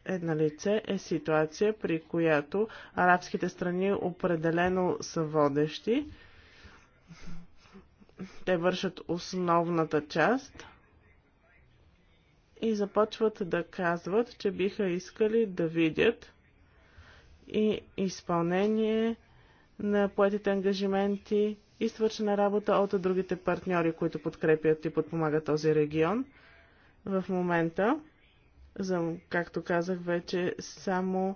S2: е на лице, е ситуация, при която арабските страни определено са водещи те вършат основната част и започват да казват, че биха искали да видят и изпълнение на поетите ангажименти и свършена работа от другите партньори, които подкрепят и подпомагат този регион. В момента, за, както казах вече, само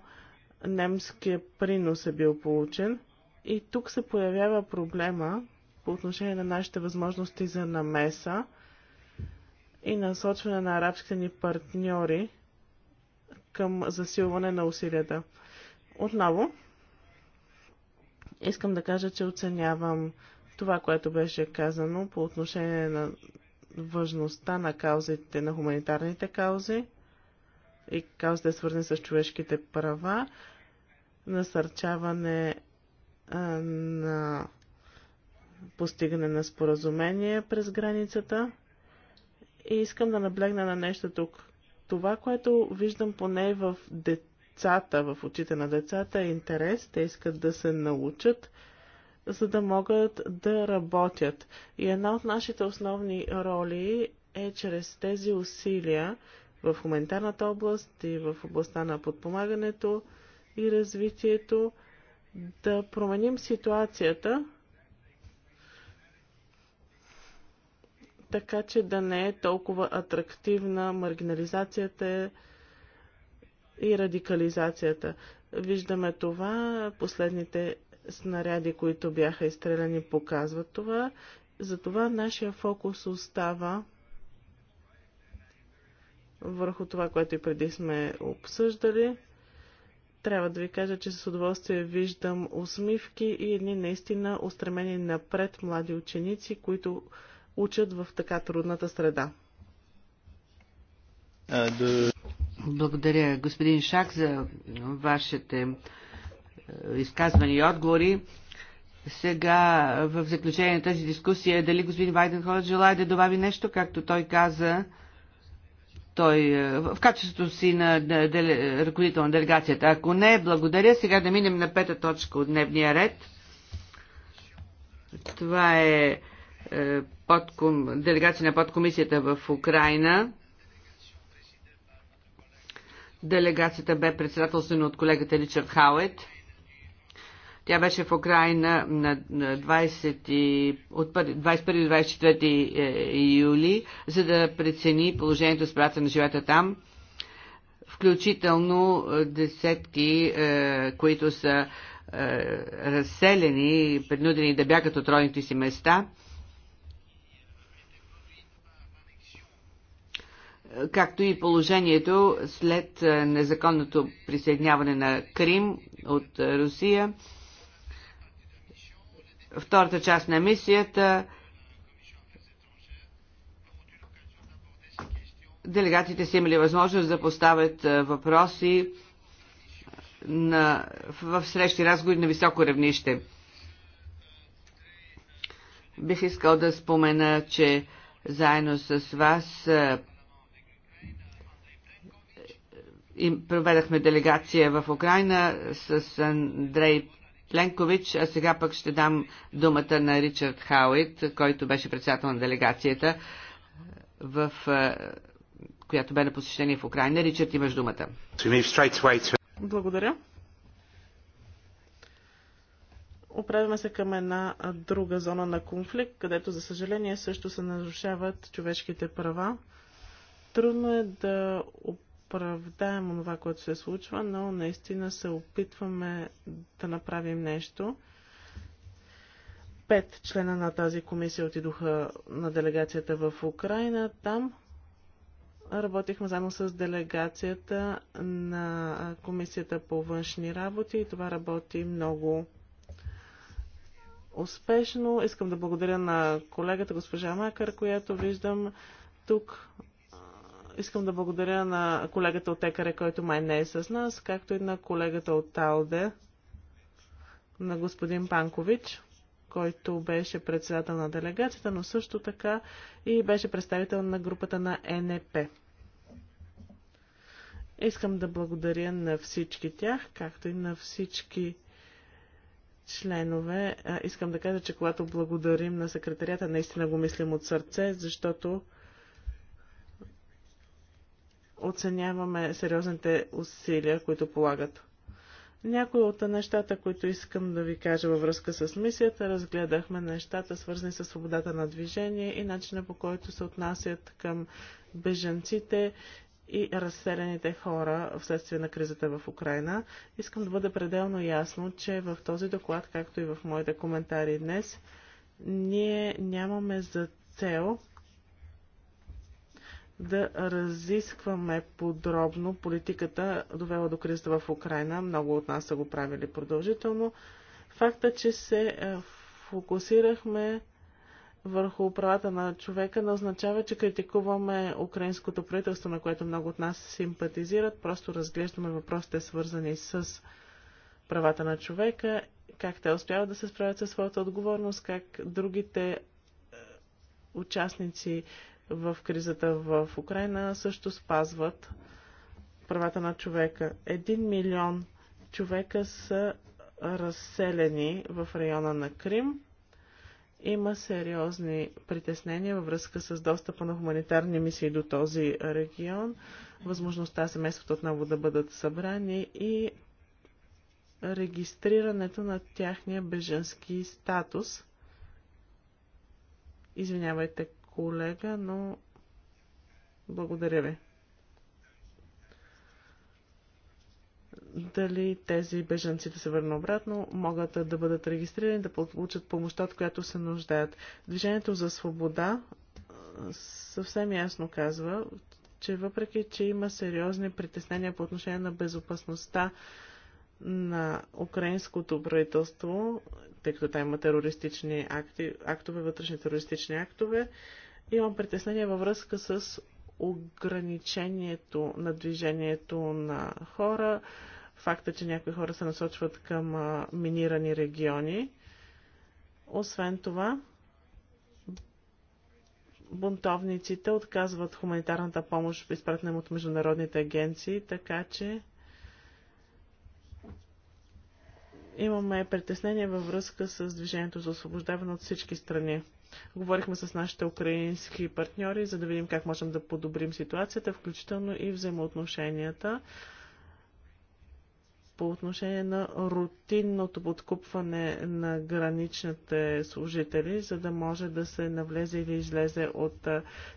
S2: немския принос е бил получен. И тук се появява проблема, по отношение на нашите възможности за намеса и насочване на арабските ни партньори към засилване на усилията. Отново, искам да кажа, че оценявам това, което беше казано по отношение на важността на каузите, на хуманитарните каузи и каузите свързани с човешките права, насърчаване а, на постигане на споразумение през границата. И искам да наблегна на нещо тук. Това, което виждам поне в децата, в очите на децата е интерес. Те искат да се научат, за да могат да работят. И една от нашите основни роли е чрез тези усилия в хуманитарната област и в областта на подпомагането и развитието да променим ситуацията, така че да не е толкова атрактивна маргинализацията и радикализацията. Виждаме това, последните снаряди, които бяха изстреляни, показват това. Затова нашия фокус остава върху това, което и преди сме обсъждали. Трябва да ви кажа, че с удоволствие виждам усмивки и едни наистина устремени напред млади ученици, които учат в така трудната среда.
S3: Благодаря, господин Шак, за вашите е, изказвания и отговори. Сега, в заключение на тази дискусия, дали господин Вайденхол желая да добави нещо, както той каза, той е, в качеството си на ръководител на делегацията. Ако не, благодаря. Сега да минем на пета точка от дневния ред. Това е е, подком, делегация на подкомисията в Украина. Делегацията бе председателствена от колегата Ричард Хаует. Тя беше в Украина на 20, от 21-24 е, юли, за да прецени положението с правата на живота там, включително е, десетки, които са разселени, принудени да бягат от родните си места – както и положението след е, незаконното присъединяване на Крим от е, Русия. Втората част на мисията делегатите са имали възможност да поставят е, въпроси на, в срещи разговори на високо равнище. Бих искал да спомена, че заедно с вас и проведахме делегация в Украина с Андрей Пленкович, а сега пък ще дам думата на Ричард Хауит, който беше председател на делегацията, в, е, която бе на посещение в Украина. Ричард, имаш думата.
S2: Благодаря. Оправяме се към една друга зона на конфликт, където, за съжаление, също се нарушават човешките права. Трудно е да оправдаем това, което се случва, но наистина се опитваме да направим нещо. Пет члена на тази комисия отидоха на делегацията в Украина. Там работихме заедно с делегацията на комисията по външни работи и това работи много успешно. Искам да благодаря на колегата госпожа Макар, която виждам тук Искам да благодаря на колегата от Екаре, който май не е с нас, както и на колегата от Талде, на господин Панкович, който беше председател на делегацията, но също така и беше представител на групата на НЕП. Искам да благодаря на всички тях, както и на всички членове. Искам да кажа, че когато благодарим на секретарията, наистина го мислим от сърце, защото оценяваме сериозните усилия, които полагат. Някои от нещата, които искам да ви кажа във връзка с мисията, разгледахме нещата, свързани с свободата на движение и начина по който се отнасят към беженците и разселените хора вследствие на кризата в Украина. Искам да бъде пределно ясно, че в този доклад, както и в моите коментари днес, ние нямаме за цел да разискваме подробно политиката, довела до кризата в Украина. Много от нас са го правили продължително. Факта, че се е, фокусирахме върху правата на човека не означава, че критикуваме украинското правителство, на което много от нас симпатизират. Просто разглеждаме въпросите, свързани с правата на човека, как те успяват да се справят със своята отговорност, как другите е, участници в кризата в Украина също спазват правата на човека. Един милион човека са разселени в района на Крим. Има сериозни притеснения във връзка с достъпа на хуманитарни мисии до този регион, възможността семейството отново да бъдат събрани и регистрирането на тяхния беженски статус. Извинявайте, колега, но благодаря ви. Дали тези беженци да се върна обратно, могат да бъдат регистрирани, да получат помощта, от която се нуждаят. Движението за свобода съвсем ясно казва, че въпреки, че има сериозни притеснения по отношение на безопасността на украинското правителство, тъй като там има терористични акти, актове, вътрешни терористични актове, Имам притеснение във връзка с ограничението на движението на хора, факта, че някои хора се насочват към минирани региони. Освен това, бунтовниците отказват хуманитарната помощ, изпратнем от международните агенции, така че имаме притеснение във връзка с движението за освобождаване от всички страни. Говорихме с нашите украински партньори, за да видим как можем да подобрим ситуацията, включително и взаимоотношенията по отношение на рутинното подкупване на граничните служители, за да може да се навлезе или излезе от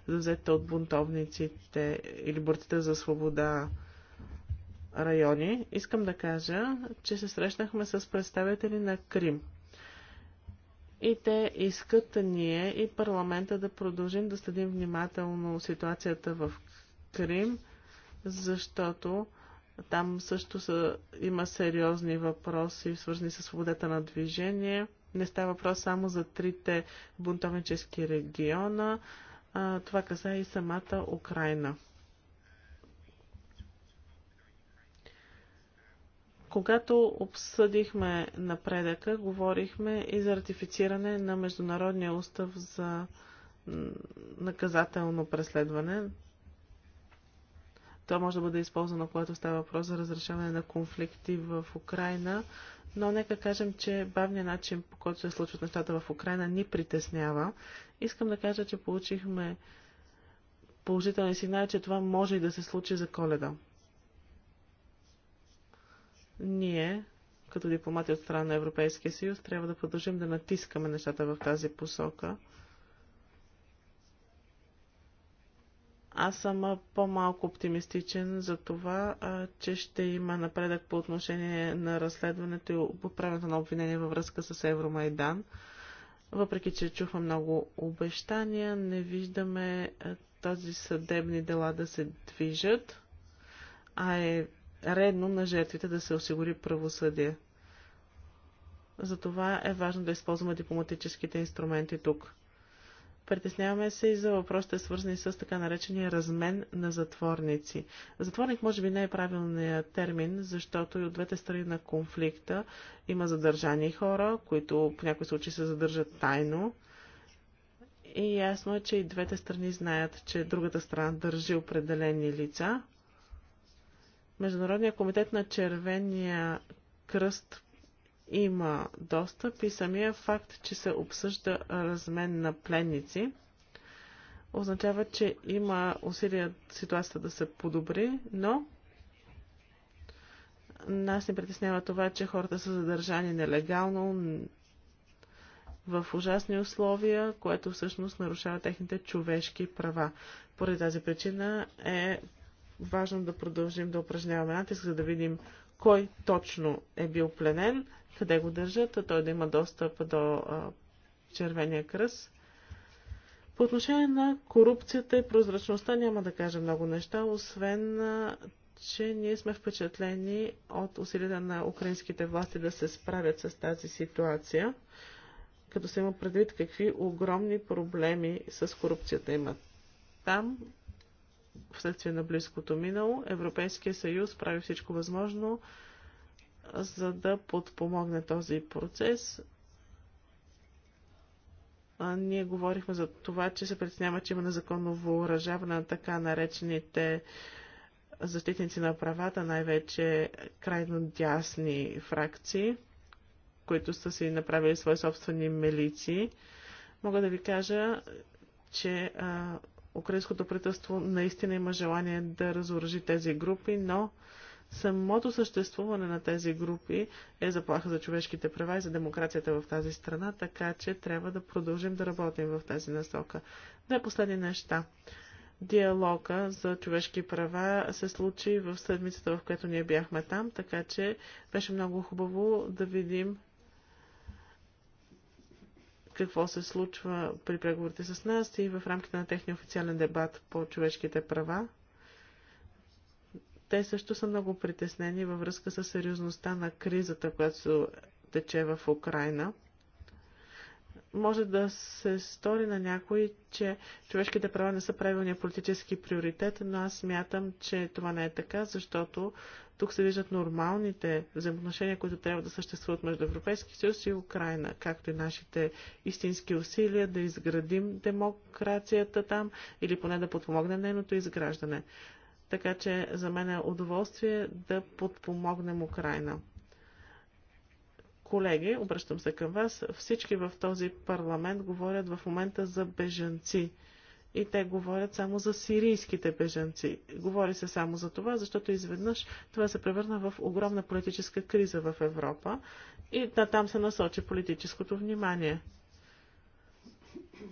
S2: завзетите от бунтовниците или борците за свобода райони, искам да кажа, че се срещнахме с представители на Крим. И те искат ние и парламента да продължим да следим внимателно ситуацията в Крим, защото там също са, има сериозни въпроси, свързани с свободата на движение. Не става въпрос само за трите бунтовнически региона. А, това каза и самата Украина. Когато обсъдихме напредъка, говорихме и за ратифициране на Международния устав за наказателно преследване. То може да бъде използвано, когато става въпрос за разрешаване на конфликти в Украина, но нека кажем, че бавният начин, по който се случват нещата в Украина, ни притеснява. Искам да кажа, че получихме положителни сигнали, че това може и да се случи за коледа. Ние, като дипломати от страна на Европейския съюз, трябва да продължим да натискаме нещата в тази посока. Аз съм по-малко оптимистичен за това, че ще има напредък по отношение на разследването и поправянето на обвинение във връзка с Евромайдан. Въпреки, че чухме много обещания, не виждаме този съдебни дела да се движат, а е редно на жертвите да се осигури правосъдие. Затова е важно да използваме дипломатическите инструменти тук. Притесняваме се и за въпросите, свързани с така наречения размен на затворници. Затворник може би не е правилният термин, защото и от двете страни на конфликта има задържани хора, които по някои случаи се задържат тайно. И ясно е, че и двете страни знаят, че другата страна държи определени лица, Международния комитет на Червения кръст има достъп и самия факт, че се обсъжда размен на пленници, означава, че има усилия ситуацията да се подобри, но нас не притеснява това, че хората са задържани нелегално в ужасни условия, което всъщност нарушава техните човешки права. Поради тази причина е важно да продължим да упражняваме натиск, за да видим кой точно е бил пленен, къде го държат, а той да има достъп до а, червения кръс. По отношение на корупцията и прозрачността няма да кажа много неща, освен а, че ние сме впечатлени от усилията на украинските власти да се справят с тази ситуация, като се има предвид какви огромни проблеми с корупцията имат там вследствие на близкото минало, Европейския съюз прави всичко възможно, за да подпомогне този процес. А ние говорихме за това, че се предснява, че има незаконно въоръжаване на така наречените защитници на правата, най-вече крайно дясни фракции, които са си направили свои собствени милиции. Мога да ви кажа, че а, украинското правителство наистина има желание да разоръжи тези групи, но самото съществуване на тези групи е заплаха за човешките права и за демокрацията в тази страна, така че трябва да продължим да работим в тази насока. Две последни неща. Диалога за човешки права се случи в седмицата, в която ние бяхме там, така че беше много хубаво да видим какво се случва при преговорите с нас и в рамките на техния официален дебат по човешките права. Те също са много притеснени във връзка с сериозността на кризата, която тече в Украина – може да се стори на някой, че човешките права не са правилния политически приоритет, но аз смятам, че това не е така, защото тук се виждат нормалните взаимоотношения, които трябва да съществуват между Европейски съюз и Украина, както и нашите истински усилия да изградим демокрацията там или поне да подпомогнем нейното изграждане. Така че за мен е удоволствие да подпомогнем Украина. Колеги, обръщам се към вас, всички в този парламент говорят в момента за бежанци. И те говорят само за сирийските бежанци. Говори се само за това, защото изведнъж това се превърна в огромна политическа криза в Европа и да, там се насочи политическото внимание.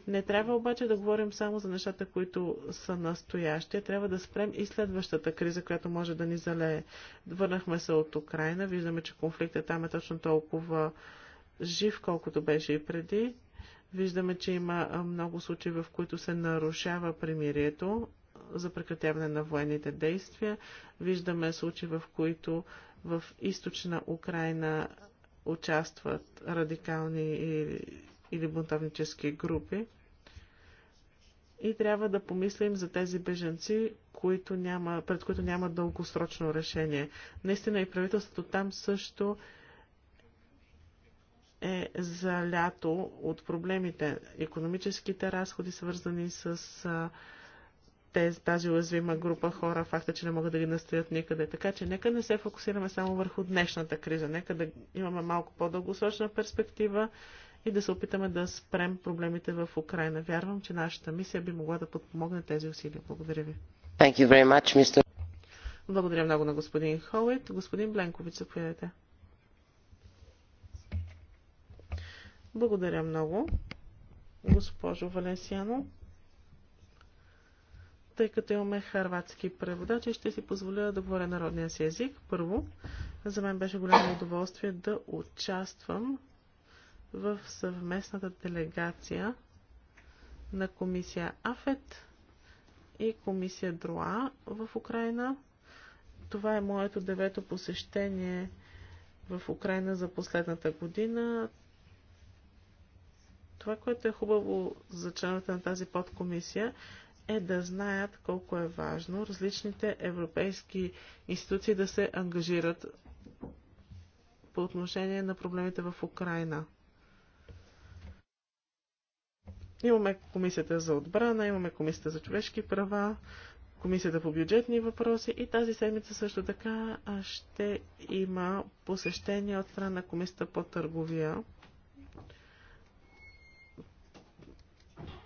S2: Не трябва обаче да говорим само за нещата, които са настоящи. Трябва да спрем и следващата криза, която може да ни залее. Върнахме се от Украина. Виждаме, че конфликтът там е точно толкова жив, колкото беше и преди. Виждаме, че има много случаи, в които се нарушава примирието за прекратяване на военните действия. Виждаме случаи, в които в източна Украина участват радикални и или бунтовнически групи. И трябва да помислим за тези беженци, които няма, пред които няма дългосрочно решение. Наистина и правителството там също е залято от проблемите. Економическите разходи, свързани с а, тази уязвима група хора, факта, че не могат да ги настоят никъде. Така че нека не се фокусираме само върху днешната криза, нека да имаме малко по-дългосрочна перспектива и да се опитаме да спрем проблемите в Украина. Вярвам, че нашата мисия би могла да подпомогне тези усилия. Благодаря ви.
S1: Thank you very much, Mr.
S2: Благодаря много на господин Хоуит. Господин Бленкович, заповядайте. Благодаря много, госпожо Валенсиано. Тъй като имаме харватски преводачи, ще си позволя да говоря народния си език. Първо, за мен беше голямо удоволствие да участвам в съвместната делегация на комисия АФЕТ и комисия ДРОА в Украина. Това е моето девето посещение в Украина за последната година. Това, което е хубаво за членовете на тази подкомисия, е да знаят колко е важно различните европейски институции да се ангажират по отношение на проблемите в Украина. Имаме комисията за отбрана, имаме комисията за човешки права, комисията по бюджетни въпроси и тази седмица също така ще има посещение от страна на комисията по търговия.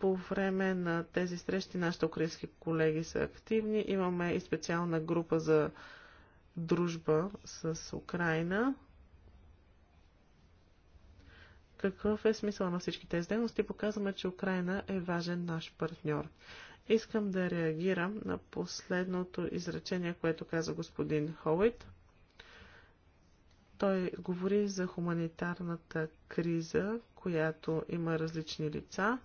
S2: По време на тези срещи нашите украински колеги са активни. Имаме и специална група за дружба с Украина какъв е смисъл на всички тези дейности, показваме, че Украина е важен наш партньор. Искам да реагирам на последното изречение, което каза господин Хоуит. Той говори за хуманитарната криза, която има различни лица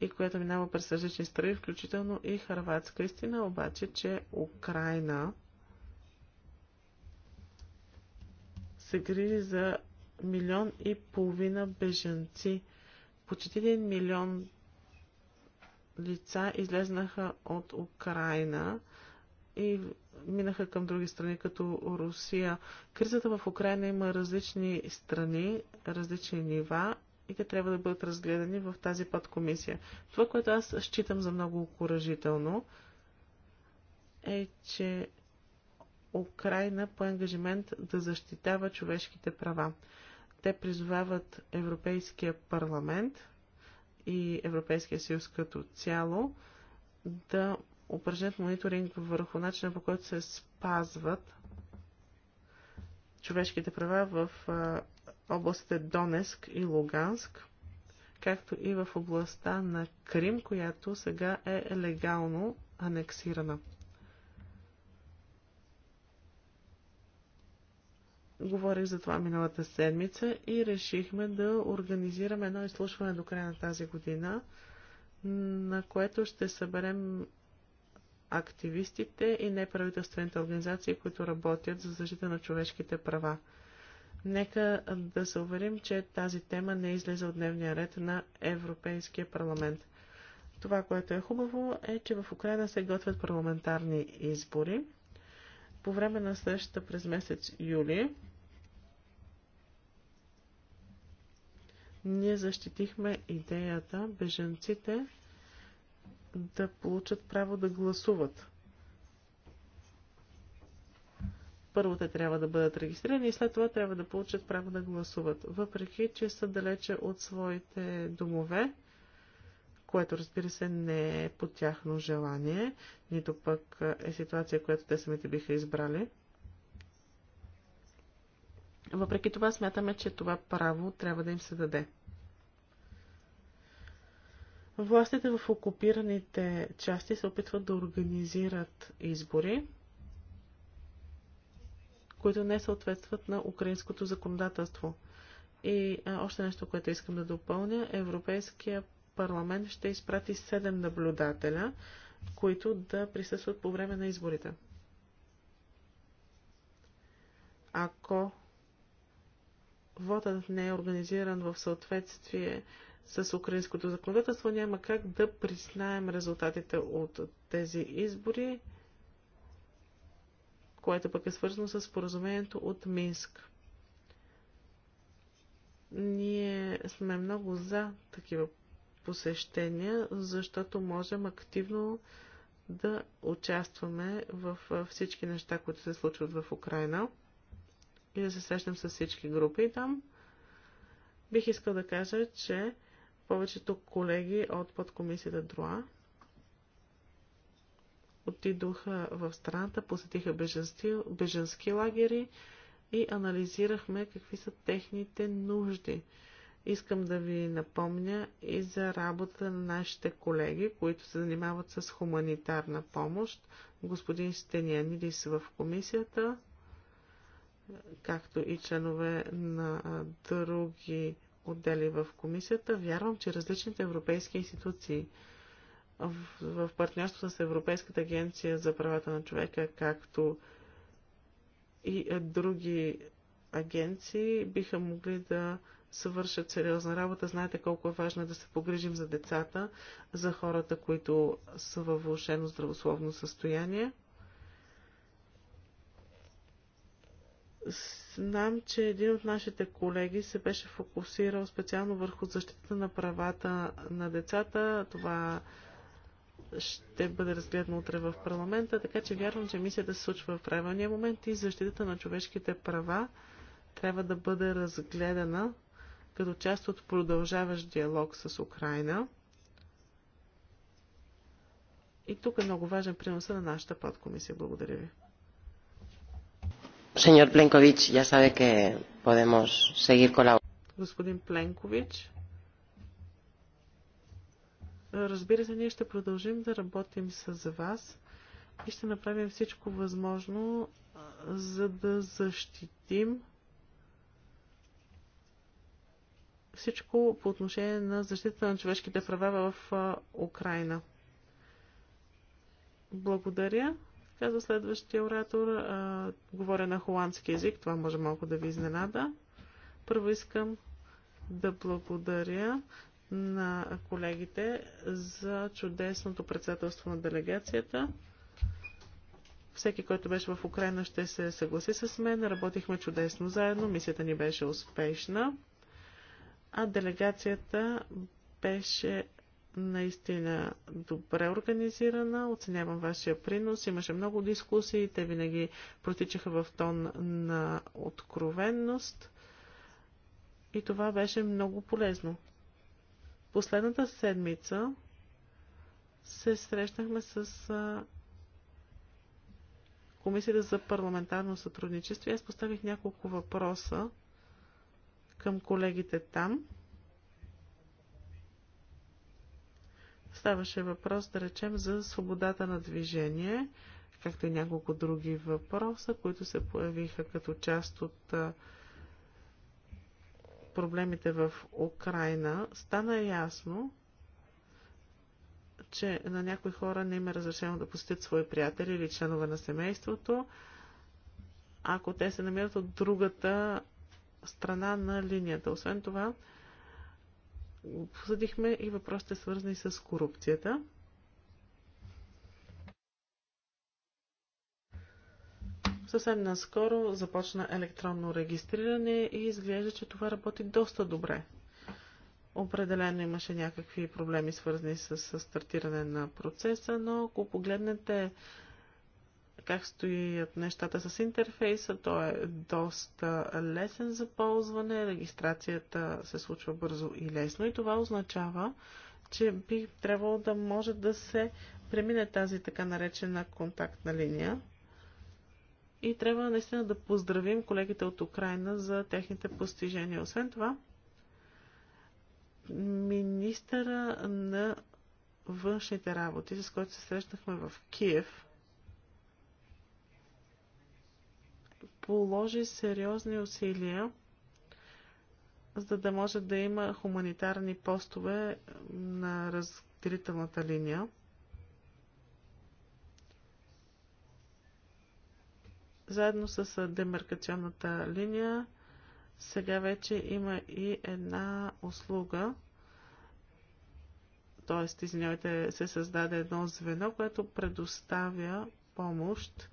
S2: и която минава през различни страни, включително и Харватска. Истина обаче, че Украина се грижи за милион и половина бежанци. Почти 1 милион лица излезнаха от Украина и минаха към други страни, като Русия. Кризата в Украина има различни страни, различни нива и те трябва да бъдат разгледани в тази подкомисия. Това, което аз считам за много окоръжително, е, че Украина по ангажимент да защитава човешките права. Те призовават Европейския парламент и Европейския съюз като цяло да упражнят мониторинг върху начина по който се спазват човешките права в областите Донеск и Луганск, както и в областта на Крим, която сега е легално анексирана. Говорих за това миналата седмица и решихме да организираме едно изслушване до края на тази година, на което ще съберем активистите и неправителствените организации, които работят за защита на човешките права. Нека да се уверим, че тази тема не излезе от дневния ред на Европейския парламент. Това, което е хубаво, е, че в Украина се готвят парламентарни избори. По време на срещата през месец юли Ние защитихме идеята беженците да получат право да гласуват. Първо те трябва да бъдат регистрирани и след това трябва да получат право да гласуват. Въпреки, че са далече от своите домове, което разбира се не е по тяхно желание, нито пък е ситуация, която те самите биха избрали. Въпреки това смятаме, че това право трябва да им се даде. Властите в окупираните части се опитват да организират избори, които не съответстват на украинското законодателство. И а, още нещо, което искам да допълня. Европейския парламент ще изпрати 7 наблюдателя, които да присъстват по време на изборите. Ако водът не е организиран в съответствие с украинското законодателство, няма как да признаем резултатите от тези избори, което пък е свързано с споразумението от Минск. Ние сме много за такива посещения, защото можем активно да участваме в всички неща, които се случват в Украина и да се срещнем с всички групи там. Бих искал да кажа, че повечето колеги от подкомисията Друа отидоха в страната, посетиха беженски, беженски лагери и анализирахме какви са техните нужди. Искам да ви напомня и за работа на нашите колеги, които се занимават с хуманитарна помощ. Господин Стениянидис в комисията, както и членове на други отдели в комисията, вярвам, че различните европейски институции в, в партньорство с Европейската агенция за правата на човека, както и други агенции, биха могли да съвършат сериозна работа. Знаете колко е важно да се погрижим за децата, за хората, които са във вълшено здравословно състояние. Знам, че един от нашите колеги се беше фокусирал специално върху защита на правата на децата. Това ще бъде разгледано утре в парламента, така че вярвам, че мисията се случва в правилния момент и защитата на човешките права трябва да бъде разгледана като част от продължаващ диалог с Украина. И тук е много важен приносът на нашата подкомисия. Благодаря ви.
S1: Señor Plenković, ya sabe que podemos seguir colaborando.
S2: Господин Пленкович, разбира се, ние ще продължим да работим с вас и ще направим всичко възможно, за да защитим всичко по отношение на защита на човешките права в Украина. Благодаря. Казва следващия оратор. А, говоря на холандски язик, това може малко да ви изненада. Първо искам да благодаря на колегите за чудесното председателство на делегацията. Всеки, който беше в Украина, ще се съгласи с мен. Работихме чудесно заедно. Мисията ни беше успешна. А делегацията беше наистина добре организирана. Оценявам вашия принос. Имаше много дискусии. Те винаги протичаха в тон на откровенност. И това беше много полезно. Последната седмица се срещнахме с Комисията за парламентарно сътрудничество. Аз поставих няколко въпроса към колегите там. Ставаше въпрос, да речем, за свободата на движение, както и няколко други въпроса, които се появиха като част от проблемите в Украина. Стана ясно, че на някои хора не им е разрешено да посетят свои приятели или членове на семейството, ако те се намират от другата страна на линията. Освен това, Посъдихме и въпросите свързани с корупцията. Съвсем наскоро започна електронно регистриране и изглежда, че това работи доста добре. Определено имаше някакви проблеми свързани с, с стартиране на процеса, но ако погледнете как стоят нещата с интерфейса. Той е доста лесен за ползване, регистрацията се случва бързо и лесно и това означава, че би трябвало да може да се премине тази така наречена контактна линия. И трябва наистина да поздравим колегите от Украина за техните постижения. Освен това, министъра на външните работи, с който се срещнахме в Киев, положи сериозни усилия, за да може да има хуманитарни постове на разделителната линия. Заедно с демаркационната линия сега вече има и една услуга, т.е. извинявайте, се създаде едно звено, което предоставя помощ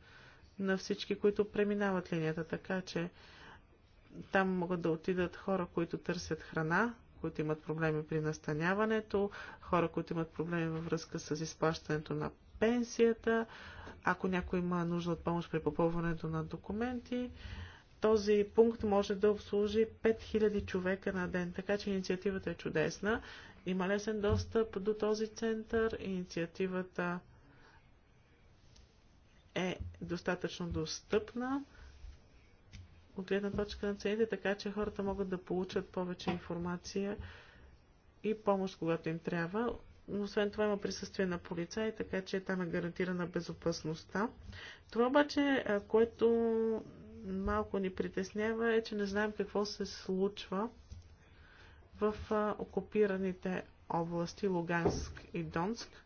S2: на всички, които преминават линията. Така че там могат да отидат хора, които търсят храна, които имат проблеми при настаняването, хора, които имат проблеми във връзка с изплащането на пенсията, ако някой има нужда от помощ при попълването на документи. Този пункт може да обслужи 5000 човека на ден, така че инициативата е чудесна. Има лесен достъп до този център. Инициативата е достатъчно достъпна от гледна точка на целите, така че хората могат да получат повече информация и помощ, когато им трябва. Освен това има присъствие на полицаи, така че там е гарантирана безопасността. Това обаче, което малко ни притеснява е, че не знаем какво се случва в окупираните области Луганск и Донск.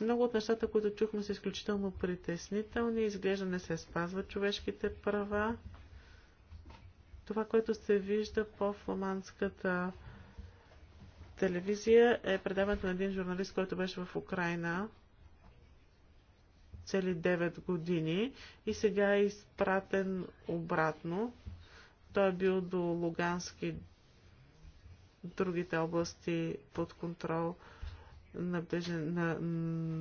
S2: Много от нещата, които чухме, са изключително притеснителни. Изглежда не се спазват човешките права. Това, което се вижда по фламандската телевизия е предаването на един журналист, който беше в Украина цели 9 години и сега е изпратен обратно. Той е бил до Лугански другите области под контрол на, бежен, на,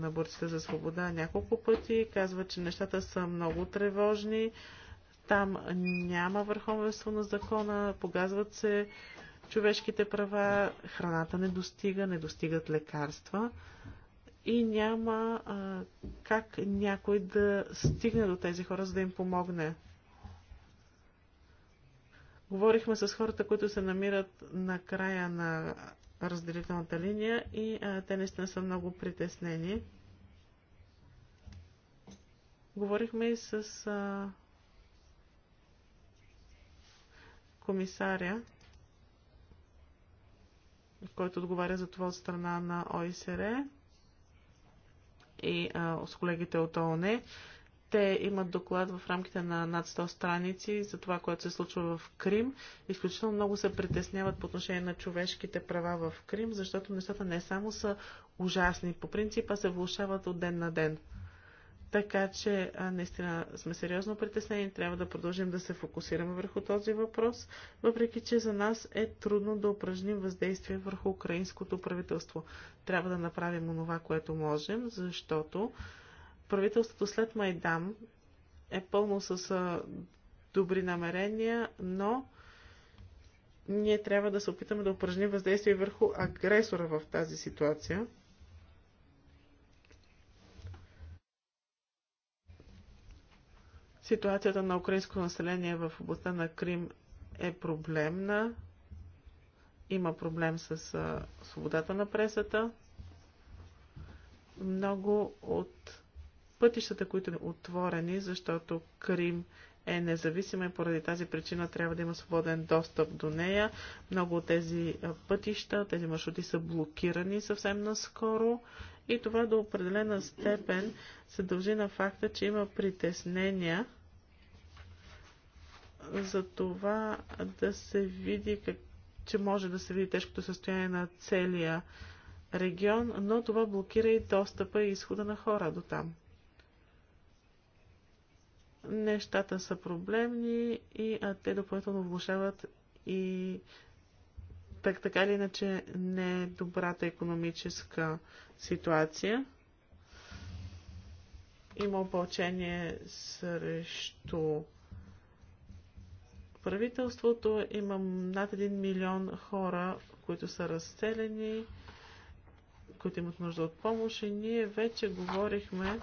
S2: на борците за свобода няколко пъти. Казва, че нещата са много тревожни. Там няма върховенство на закона, погазват се човешките права, храната не достига, не достигат лекарства и няма а, как някой да стигне до тези хора, за да им помогне. Говорихме с хората, които се намират на края на разделителната линия и а, те наистина са много притеснени. Говорихме и с а, комисаря, който отговаря за това от страна на ОИСР и а, с колегите от ООН. Те имат доклад в рамките на над 100 страници за това, което се случва в Крим. Изключително много се притесняват по отношение на човешките права в Крим, защото нещата не само са ужасни по принцип, а се влушават от ден на ден. Така че наистина сме сериозно притеснени, трябва да продължим да се фокусираме върху този въпрос, въпреки че за нас е трудно да упражним въздействие върху украинското правителство. Трябва да направим онова, което можем, защото правителството след Майдан е пълно с добри намерения, но ние трябва да се опитаме да упражним въздействие върху агресора в тази ситуация. Ситуацията на украинско население в областта на Крим е проблемна. Има проблем с свободата на пресата. Много от пътищата, които са е отворени, защото Крим е независима и поради тази причина трябва да има свободен достъп до нея. Много от тези пътища, тези маршрути са блокирани съвсем наскоро и това до определена степен се дължи на факта, че има притеснения за това да се види, как, че може да се види тежкото състояние на целия регион, но това блокира и достъпа и изхода на хора до там нещата са проблемни и а, те допълнително влушават и так, така или иначе не е добрата економическа ситуация. Има опълчение срещу правителството. Има над 1 милион хора, които са разцелени, които имат нужда от помощ и ние вече говорихме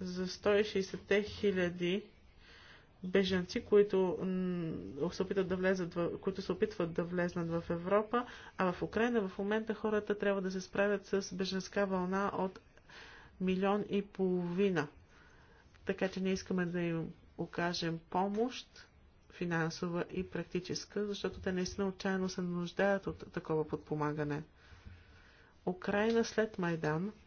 S2: за 160 хиляди бежанци, които се, да влезат в, които се опитват да влезнат в Европа, а в Украина в момента хората трябва да се справят с бежанска вълна от милион и половина. Така че не искаме да им окажем помощ финансова и практическа, защото те наистина отчаяно се нуждаят от такова подпомагане. Украина след Майдан –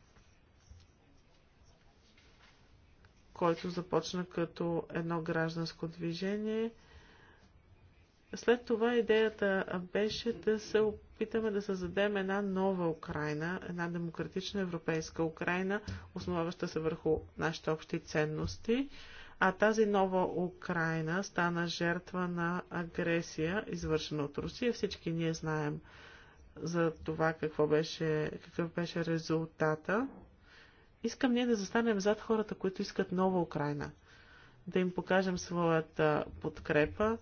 S2: който започна като едно гражданско движение. След това идеята беше да се опитаме да създадем една нова Украина, една демократична европейска Украина, основаваща се върху нашите общи ценности. А тази нова Украина стана жертва на агресия, извършена от Русия. Всички ние знаем за това какво беше, какъв беше резултата. Искам ние да застанем зад хората, които искат нова Украина. Да им покажем своята подкрепа,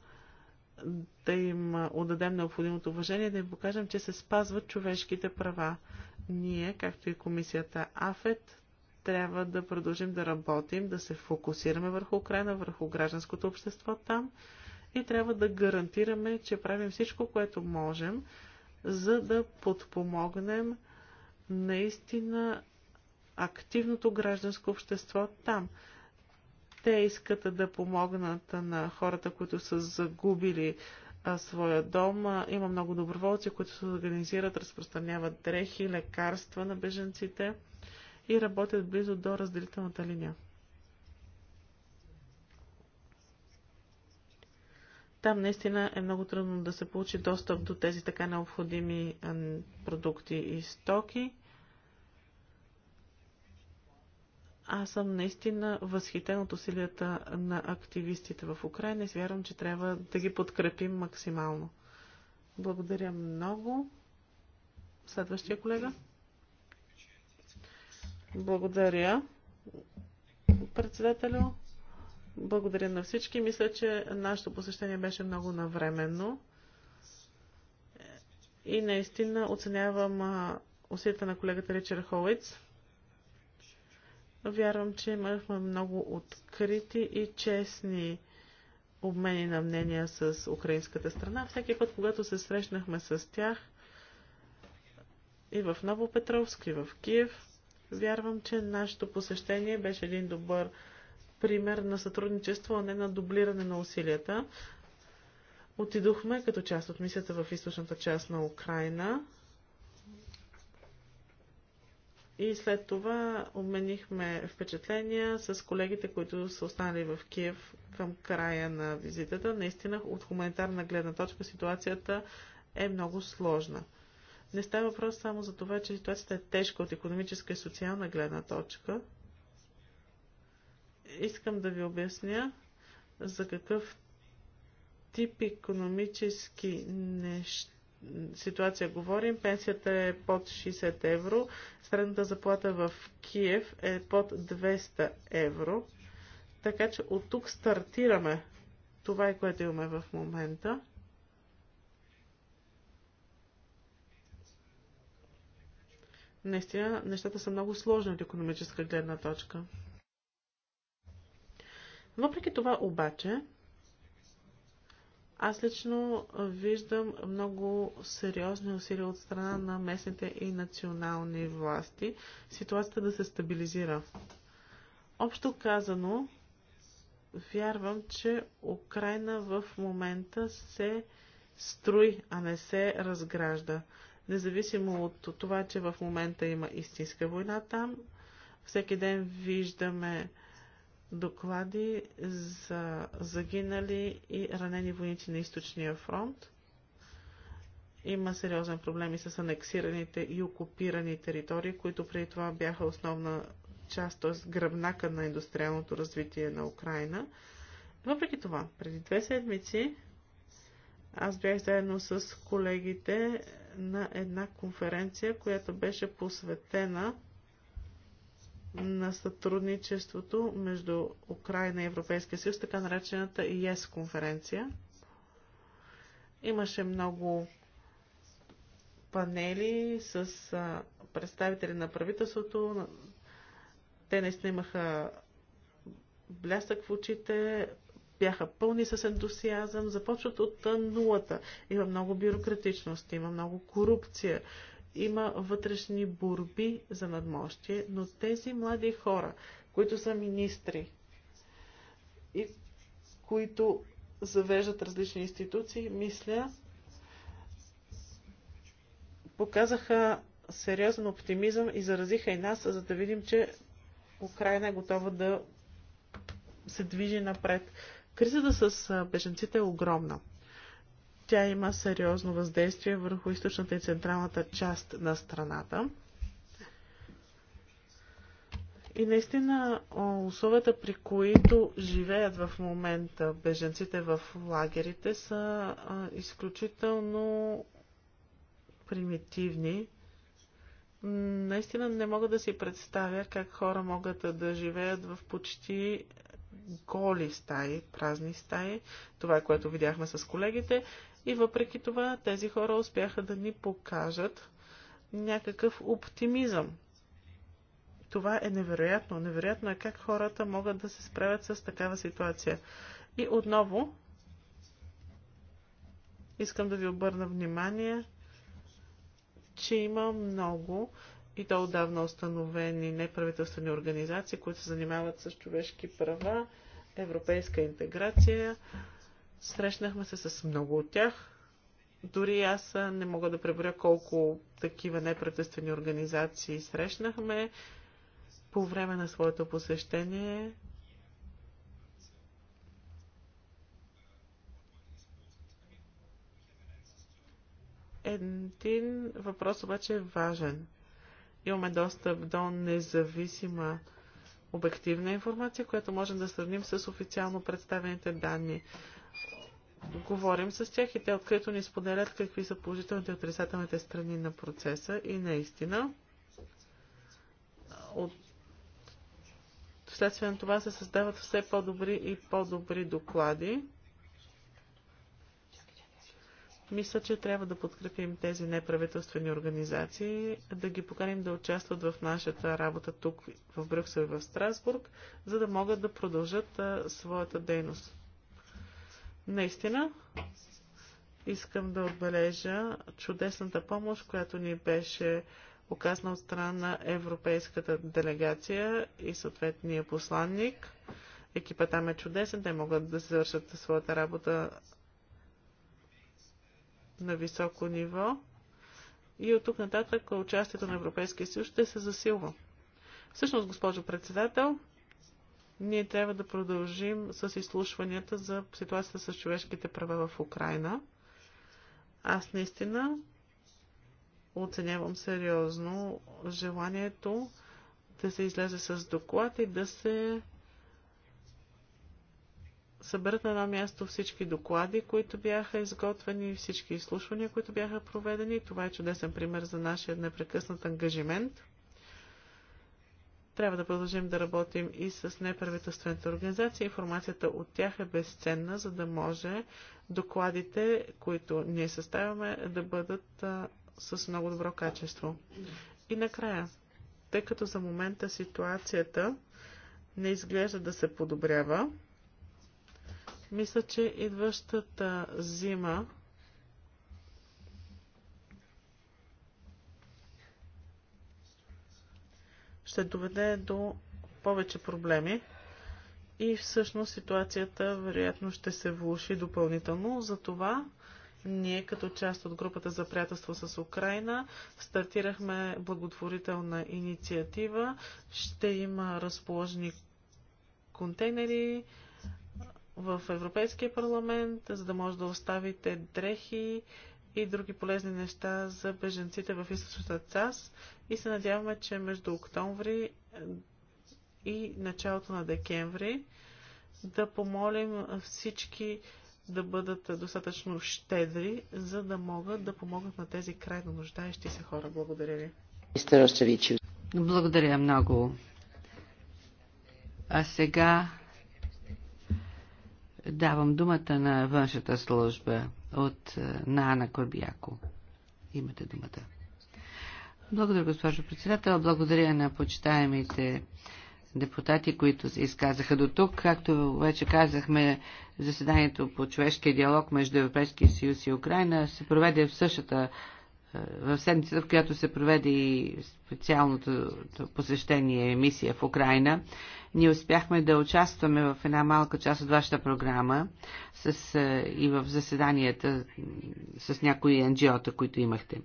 S2: да им отдадем необходимото уважение, да им покажем, че се спазват човешките права. Ние, както и комисията АФЕТ, трябва да продължим да работим, да се фокусираме върху Украина, върху гражданското общество там и трябва да гарантираме, че правим всичко, което можем, за да подпомогнем наистина активното гражданско общество там. Те искат да помогнат на хората, които са загубили своя дом. Има много доброволци, които се организират, разпространяват дрехи, лекарства на беженците и работят близо до разделителната линия. Там наистина е много трудно да се получи достъп до тези така необходими продукти и стоки. Аз съм наистина възхитен от усилията на активистите в Украина и вярвам, че трябва да ги подкрепим максимално. Благодаря много. Следващия колега. Благодаря. Председателю. Благодаря на всички. Мисля, че нашето посещение беше много навременно. И наистина оценявам усилията на колегата Ричард Холиц Вярвам, че имахме много открити и честни обмени на мнения с украинската страна. Всеки път, когато се срещнахме с тях и в Новопетровск, и в Киев, вярвам, че нашето посещение беше един добър пример на сътрудничество, а не на дублиране на усилията. Отидохме като част от мисията в източната част на Украина. И след това обменихме впечатления с колегите, които са останали в Киев към края на визитата. Наистина, от хуманитарна гледна точка ситуацията е много сложна. Не става въпрос само за това, че ситуацията е тежка от економическа и социална гледна точка. Искам да ви обясня за какъв тип економически неща ситуация говорим, пенсията е под 60 евро, средната заплата в Киев е под 200 евро. Така че от тук стартираме. Това е което имаме в момента. Наистина, нещата са много сложни от економическа гледна точка. Въпреки това обаче, аз лично виждам много сериозни усилия от страна на местните и национални власти ситуацията да се стабилизира. Общо казано, вярвам, че Украина в момента се строи, а не се разгражда. Независимо от това, че в момента има истинска война там, всеки ден виждаме доклади за загинали и ранени войници на източния фронт. Има сериозен проблем и с анексираните и окупирани територии, които преди това бяха основна част, т.е. гръбнака на индустриалното развитие на Украина. Въпреки това, преди две седмици аз бях заедно с колегите на една конференция, която беше посветена на сътрудничеството между Украина и Европейския съюз, така наречената ИЕС конференция. Имаше много панели с а, представители на правителството. Те наистина имаха блясък в очите, бяха пълни с ентусиазъм, започват от нулата. Има много бюрократичност, има много корупция, има вътрешни борби за надмощие, но тези млади хора, които са министри и които завеждат различни институции, мисля, показаха сериозен оптимизъм и заразиха и нас, за да видим, че Украина е готова да се движи напред. Кризата с беженците е огромна. Тя има сериозно въздействие върху източната и централната част на страната. И наистина условията, при които живеят в момента беженците в лагерите, са изключително примитивни. Наистина не мога да си представя как хора могат да живеят в почти голи стаи, празни стаи. Това е което видяхме с колегите. И въпреки това тези хора успяха да ни покажат някакъв оптимизъм. Това е невероятно. Невероятно е как хората могат да се справят с такава ситуация. И отново искам да ви обърна внимание, че има много и то отдавна установени неправителствени организации, които се занимават с човешки права, европейска интеграция, Срещнахме се с много от тях. Дори аз не мога да преборя колко такива непредъствени организации срещнахме по време на своето посещение. Един въпрос обаче е важен. Имаме достъп до независима обективна информация, която можем да сравним с официално представените данни говорим с тях и те открито ни споделят какви са положителните и отрицателните страни на процеса и наистина от Вследствие на това се създават все по-добри и по-добри доклади. Мисля, че трябва да подкрепим тези неправителствени организации, да ги поканим да участват в нашата работа тук в Брюксел и в Страсбург, за да могат да продължат а, своята дейност. Наистина, искам да отбележа чудесната помощ, която ни беше оказана от страна на европейската делегация и съответния посланник. Екипа там е чудесен, те могат да завършат своята работа на високо ниво и от тук нататък участието на Европейския съюз ще се засилва. Всъщност, госпожо председател, ние трябва да продължим с изслушванията за ситуацията с човешките права в Украина. Аз наистина оценявам сериозно желанието да се излезе с доклад и да се съберат на едно място всички доклади, които бяха изготвени, всички изслушвания, които бяха проведени. Това е чудесен пример за нашия непрекъснат ангажимент. Трябва да продължим да работим и с неправителствените организации. Информацията от тях е безценна, за да може докладите, които ние съставяме, да бъдат а, с много добро качество. И накрая, тъй като за момента ситуацията не изглежда да се подобрява, мисля, че идващата зима ще доведе до повече проблеми и всъщност ситуацията вероятно ще се влуши допълнително. Затова ние като част от групата за приятелство с Украина стартирахме благотворителна инициатива. Ще има разположени контейнери в Европейския парламент, за да може да оставите дрехи, и други полезни неща за беженците в източната ЦАС и се надяваме, че между октомври е, и началото на декември да помолим всички да бъдат достатъчно щедри, за да могат да помогнат на тези крайно нуждаещи се хора. Благодаря ви.
S3: Благодаря много. А сега Давам думата на външната служба от, е, Нана Корбияко. Имате думата. Благодаря, госпожо председател. Благодаря на почитаемите депутати, които се изказаха до тук. Както вече казахме, заседанието по човешкия диалог между Европейския съюз и Украина се проведе в същата в седмицата, в която се проведе и специалното посещение мисия в Украина, ние успяхме да участваме в една малка част от вашата програма с, е, и в заседанията с някои НГО-та, които имахте.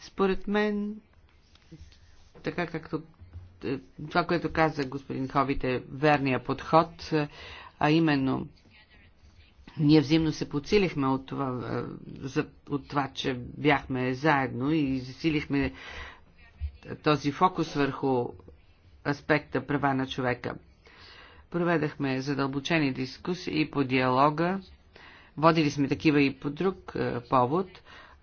S3: Според мен, така както е, това, което каза господин Ховите, верния подход, а именно ние взаимно се подсилихме от това, е, от това, че бяхме заедно и засилихме този фокус върху аспекта права на човека. Проведахме задълбочени дискусии по диалога. Водили сме такива и по друг е, повод,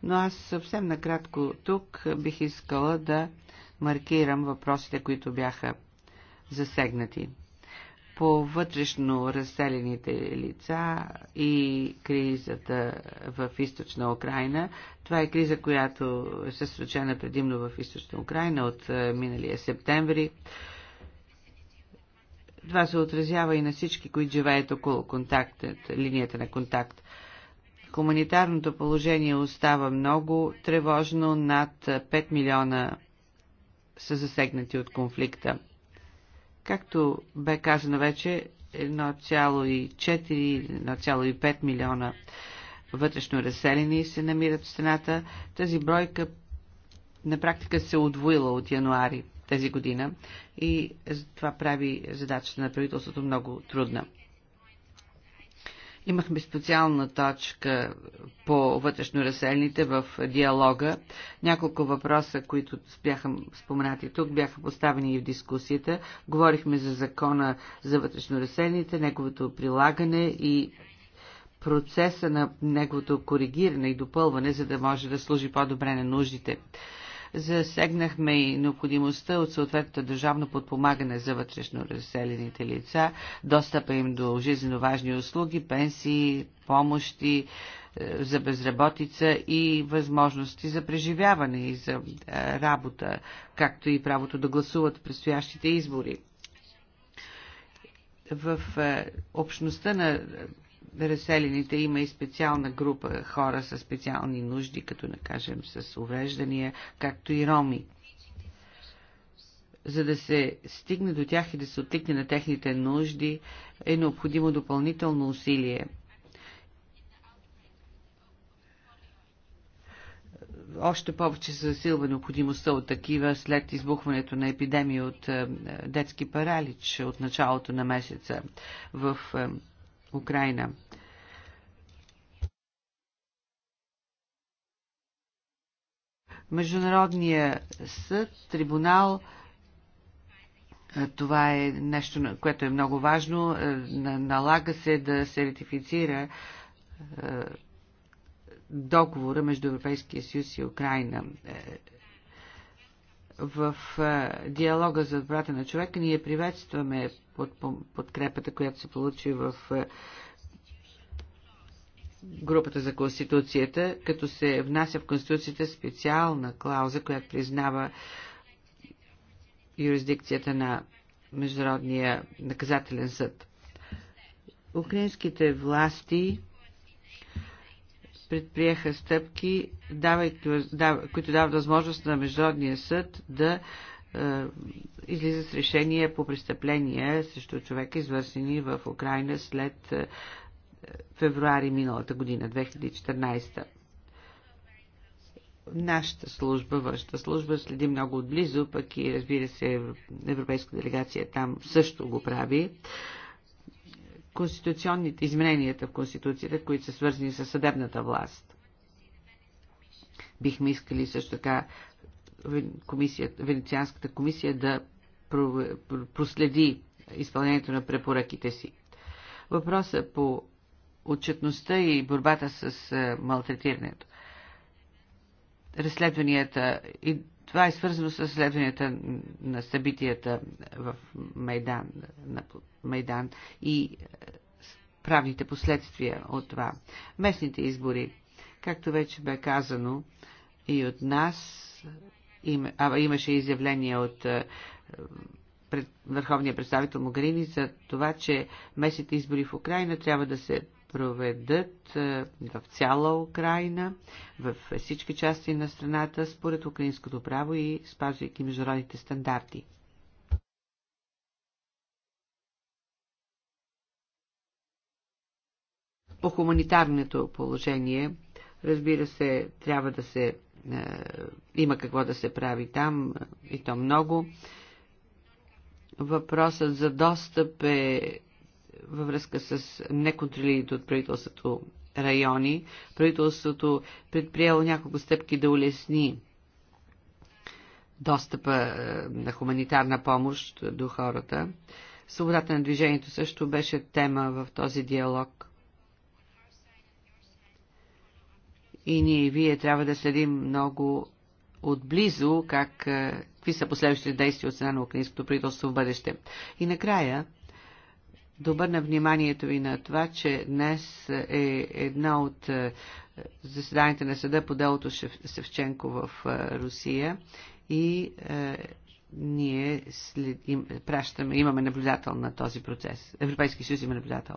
S3: но аз съвсем накратко тук бих искала да маркирам въпросите, които бяха засегнати по вътрешно разселените лица и кризата в източна Украина. Това е криза, която се случайна предимно в източна Украина от е, миналия септември. Това се отразява и на всички, които живеят около контактът, линията на контакт. Хуманитарното положение остава много тревожно. Над 5 милиона са засегнати от конфликта. Както бе казано вече, 1,4-1,5 милиона вътрешно разселени се намират в страната. Тази бройка на практика се отвоила е от януари тази година и това прави задачата на правителството много трудна. Имахме специална точка по вътрешно разселните в диалога. Няколко въпроса, които бяха споменати тук, бяха поставени и в дискусията. Говорихме за закона за вътрешно разселните, неговото прилагане и процеса на неговото коригиране и допълване, за да може да служи по-добре на нуждите. Засегнахме и необходимостта от съответното държавно подпомагане за вътрешно разселените лица, достъпа им до жизненно важни услуги, пенсии, помощи е, за безработица и възможности за преживяване и за е, работа, както и правото да гласуват в предстоящите избори в е, общността на разселените има и специална група хора с специални нужди, като да кажем с увреждания, както и роми. За да се стигне до тях и да се оттикне на техните нужди, е необходимо допълнително усилие. още повече се засилва необходимостта от такива след избухването на епидемия от е, детски паралич от началото на месеца в е, Украина. Международния съд, трибунал, това е нещо, което е много важно. Е, налага се да се ратифицира е, договора между Европейския съюз и Украина. Е, в диалога за отбрата на човека ние приветстваме подкрепата, която се получи в групата за Конституцията, като се внася в Конституцията специална клауза, която признава юрисдикцията на Международния наказателен съд. Украинските власти предприеха стъпки, които дават възможност на Международния съд да е, излиза с решение по престъпления срещу човека, извършени в Украина след е, февруари миналата година, 2014. Нашата служба, външната служба, следи много отблизо, пък и разбира се, Европейска делегация там също го прави. Конституционните измененията в Конституцията, които са свързани с съдебната власт. Бихме искали също така Венецианската комисия да проследи изпълнението на препоръките си. Въпросът по отчетността и борбата с е, малтретирането. Разследванията и това е свързано с разследванията на събитията в Майдан, на Майдан и е, правните последствия от това. Местните избори, както вече бе казано и от нас, има, а, имаше изявление от е, пред, върховния представител Могарини за това, че местните избори в Украина трябва да се проведат в цяла Украина, в всички части на страната, според украинското право и спазвайки международните стандарти. По хуманитарното положение, разбира се, трябва да се. Е, има какво да се прави там, и то много. Въпросът за достъп е във връзка с неконтролираните от правителството райони. Правителството предприело няколко стъпки да улесни достъпа е, на хуманитарна помощ до хората. Свободата на движението също беше тема в този диалог. И ние и вие трябва да следим много отблизо как, е, какви са последващите действия от страна на украинското правителство в бъдеще. И накрая, да обърна вниманието ви на това, че днес е една от е, заседанията на съда по делото Севченко в е, Русия и е, ние след, им, пращаме, имаме наблюдател на този процес. Европейски съюз има наблюдател.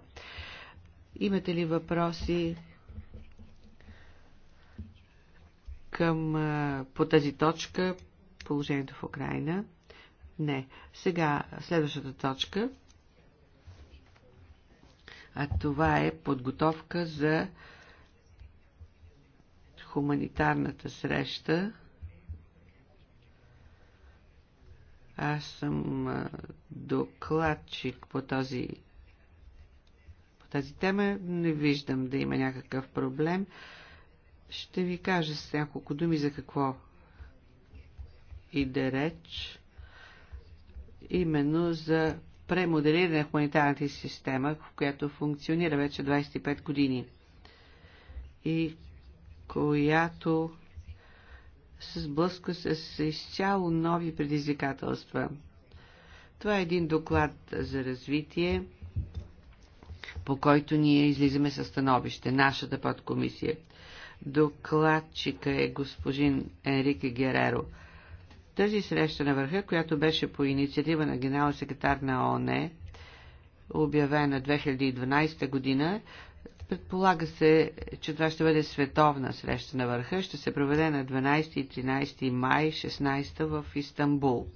S3: Имате ли въпроси към, е, по тази точка положението в Украина? Не. Сега следващата точка а това е подготовка за хуманитарната среща. Аз съм докладчик по този по тази тема. Не виждам да има някакъв проблем. Ще ви кажа с няколко думи за какво и да реч, именно за премоделиране на хуманитарната система, в която функционира вече 25 години и която се сблъска с изцяло нови предизвикателства. Това е един доклад за развитие, по който ние излизаме със становище, нашата подкомисия. Докладчика е господин Енрике Гереро – тази среща на върха, която беше по инициатива на генерал секретар на ООН, обявена 2012 година, Предполага се, че това ще бъде световна среща на върха. Ще се проведе на 12 и 13 май 16 в Истанбул.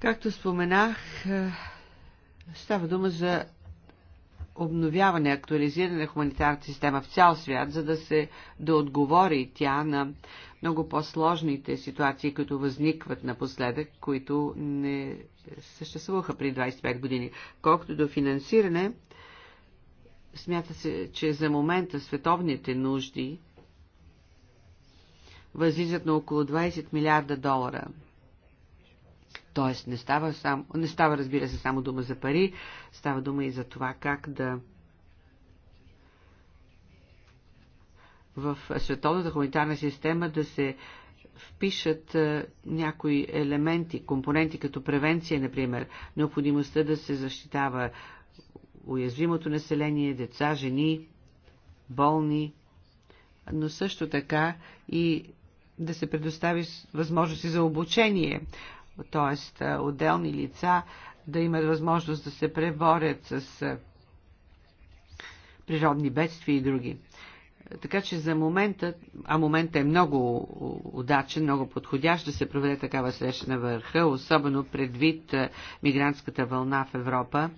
S3: Както споменах, е, става дума за обновяване, актуализиране на хуманитарната система в цял свят, за да се да отговори тя на много по-сложните ситуации, които възникват напоследък, които не съществуваха при 25 години. Колкото до финансиране, смята се, че за момента световните нужди възлизат на около 20 милиарда долара. Тоест не става, сам, не става разбира се, само дума за пари, става дума и за това как да в световната хуманитарна система да се впишат някои елементи, компоненти като превенция, например, необходимостта да се защитава уязвимото население, деца, жени, болни, но също така и да се предостави възможности за обучение, т.е. отделни лица да имат възможност да се преборят с природни бедствия и други. Така че за момента, а момента е много удачен, много подходящ да се проведе такава среща на върха, особено предвид мигрантската вълна в Европа,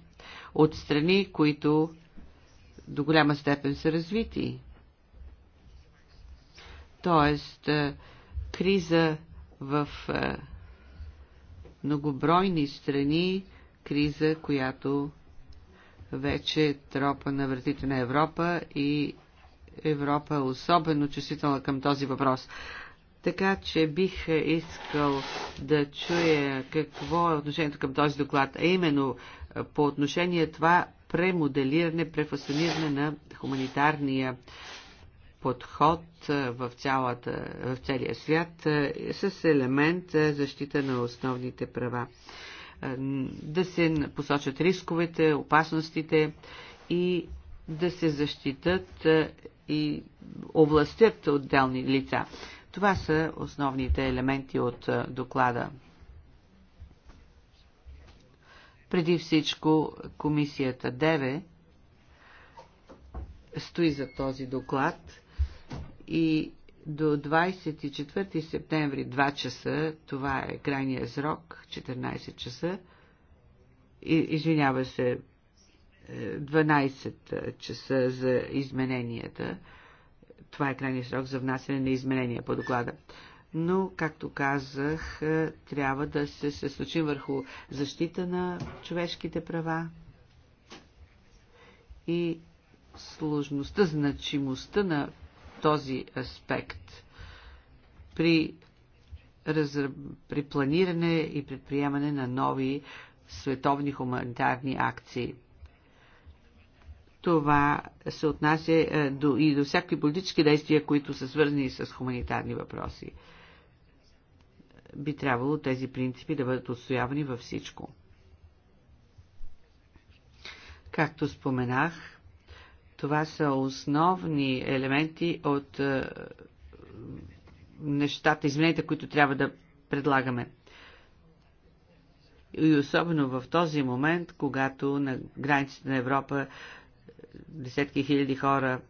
S3: от страни, които до голяма степен са развити. Тоест, криза в многобройни страни, криза, която вече е тропа на вратите на Европа и Европа е особено чувствителна към този въпрос. Така че бих искал да чуя какво е отношението към този доклад, а именно е, по отношение това премоделиране, префасониране на хуманитарния подход е, в, цялата, в целия свят е, с елемент защита на основните права. Да се посочат рисковете, опасностите и да се защитат и областят отделни лица. Това са основните елементи от доклада. Преди всичко комисията ДЕВЕ стои за този доклад и до 24 септември 2 часа, това е крайния срок, 14 часа, извинява се, 12 часа за измененията. Това е крайният срок за внасяне на изменения по доклада. Но, както казах, трябва да се съсочим върху защита на човешките права и сложността, значимостта на този аспект при, разр... при планиране и предприемане на нови световни хуманитарни акции – това се отнася е, до, и до всякакви политически действия, които са свързани с хуманитарни въпроси. Би трябвало тези принципи да бъдат отстоявани във всичко. Както споменах, това са основни елементи от е, нещата, измененията, които трябва да предлагаме. И особено в този момент, когато на границите на Европа десетки хиляди хора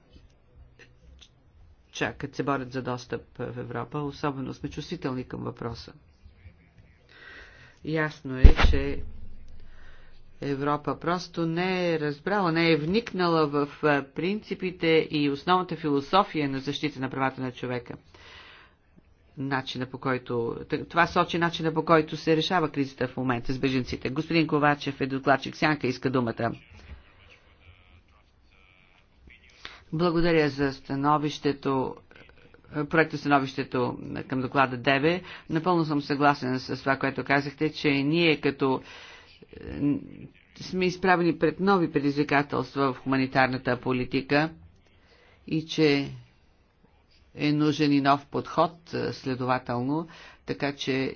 S3: чакат, се борят за достъп в Европа. Особено сме чувствителни към въпроса. Ясно е, че Европа просто не е разбрала, не е вникнала в принципите и основната философия на защита на правата на човека. Начина по който... Това сочи начина по който се решава кризата в момента с беженците. Господин Ковачев е докладчик. Сянка иска думата. Благодаря за становището е, становището към доклада ДВ. Напълно съм съгласен с това, което казахте, че ние като е, сме изправени пред нови предизвикателства в хуманитарната политика и че е нужен и нов подход, е, следователно, така че